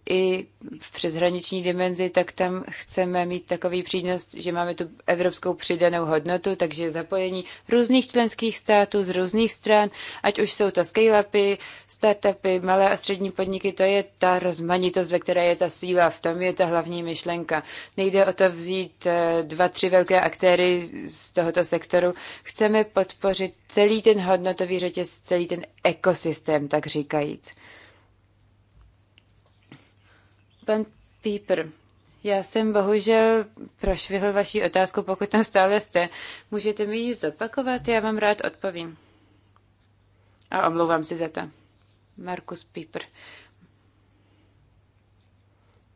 i v přeshraniční dimenzi, tak tam chceme mít takový přínos, že máme tu evropskou přidanou hodnotu, takže zapojení různých členských států z různých stran, ať už jsou to scale-upy, startupy, malé a střední podniky, to je ta rozmanitost, ve které je ta síla, v tom je ta hlavní myšlenka. Nejde o to vzít eh, dva, tři velké aktéry z tohoto sektoru. Chceme podpořit celý ten hodnotový řetěz, celý ten ekosystém, tak říkajíc. Pan Píper, já jsem bohužel prošvihl vaši otázku, pokud tam stále jste. Můžete mi ji zopakovat, já vám rád odpovím. A omlouvám se za to. Markus Píper.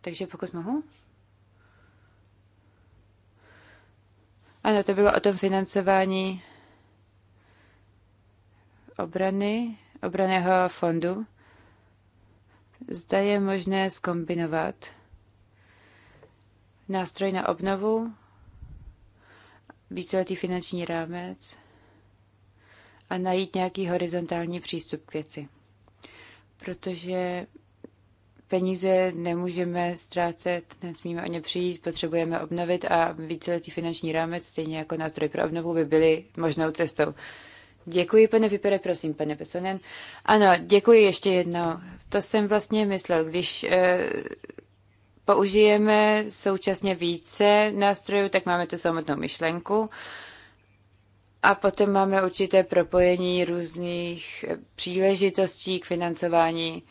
Takže pokud mohu? Ano, to bylo o tom financování obrany, obraného fondu. Zda je možné skombinovat nástroj na obnovu, víceletý finanční rámec a najít nějaký horizontální přístup k věci. Protože peníze nemůžeme ztrácet, nesmíme o ně přijít, potřebujeme obnovit a víceletý finanční rámec, stejně jako nástroj pro obnovu, by byly možnou cestou. Děkuji, pane Vypere, prosím, pane Pesonen. Ano, děkuji ještě jednou. To jsem vlastně myslel, když eh, použijeme současně více nástrojů, tak máme tu samotnou myšlenku a potom máme určité propojení různých příležitostí k financování,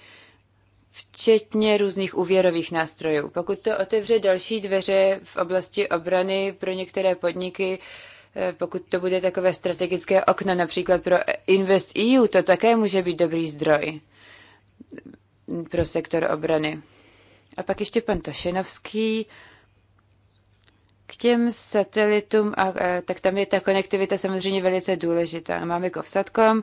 včetně různých úvěrových nástrojů. Pokud to otevře další dveře v oblasti obrany pro některé podniky, eh, Eh, pokud to bude takové strategické okno, například pro Invest EU, to také může být dobrý zdroj pro sektor obrany. A pak ještě pan Tošenovský. K těm satelitům, a, a, eh, tak tam je ta konektivita samozřejmě velice důležitá. Máme Govsatcom,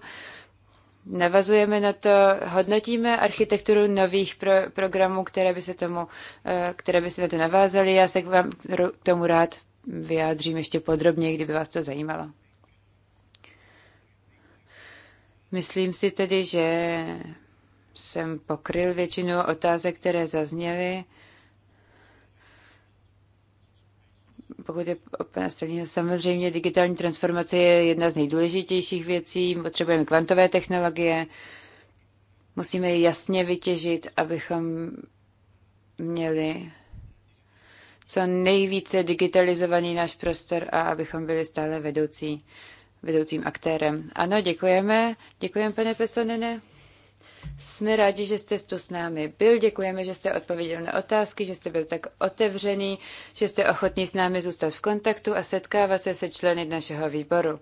navazujeme na to, hodnotíme architekturu nových pro, programů, které by, se tomu, eh, které by se na to navázaly. Já se k vám k tomu rád vyjádřím ještě podrobně, kdyby vás to zajímalo. Myslím si tedy, že jsem pokryl většinu otázek, které zazněly. Pokud je opět pana Stalina, samozřejmě digitální transformace je jedna z nejdůležitějších věcí. Potřebujeme kvantové technologie. Musíme ji jasně vytěžit, abychom měli co nejvíce digitalizovaný náš prostor a abychom byli stále vedoucí, vedoucím aktérem. Ano, děkujeme. Děkujeme, pane Pesonene. Jsme rádi, že jste tu s námi byl. Děkujeme, že jste odpověděl na otázky, že jste byl tak otevřený, že jste ochotní s námi zůstat v kontaktu a setkávat se se členy našeho výboru.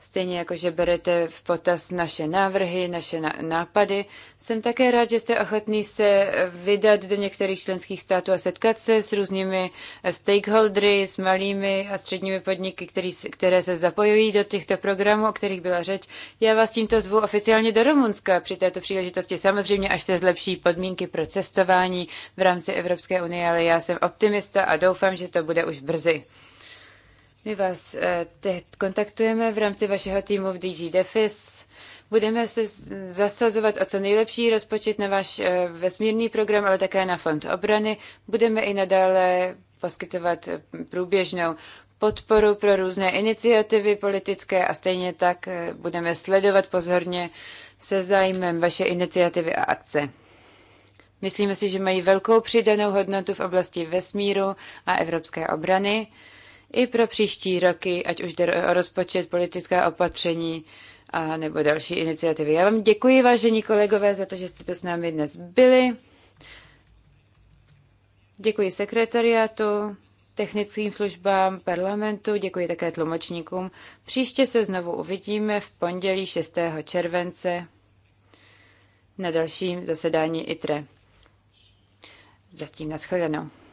Stejně jako, že berete v potaz naše návrhy, naše nápady. Jsem také rád, že jste ochotný se vydat do některých členských států a setkat se s různými eh, stakeholdery, s malými a středními podniky, který, které se zapojují do těchto programů, o kterých byla řeč. Já vás tímto zvu oficiálně do Rumunska při této příležitosti. Samozřejmě, až se zlepší podmínky pro cestování v rámci Evropské unie, ale já jsem optimista a doufám, že to bude už brzy. My vás eh, teď kontaktujeme v rámci vašeho týmu v DG Defis. Budeme se zasazovat o co nejlepší rozpočet na váš eh, vesmírný program, ale také na fond obrany. Budeme i nadále poskytovat eh, průběžnou podporu pro různé iniciativy politické a stejně tak budeme sledovat pozorně se zájmem vaše iniciativy a akce. Myslíme si, že mají velkou přidanou hodnotu v oblasti vesmíru a evropské obrany i pro příští roky, ať už jde o rozpočet, politická opatření a nebo další iniciativy. Já vám děkuji, vážení kolegové, za to, že jste tu s námi dnes byli. Děkuji sekretariátu, technickým službám parlamentu, děkuji také tlumočníkům. Příště se znovu uvidíme v pondělí 6. července na dalším zasedání ITRE. Zatím naschledanou.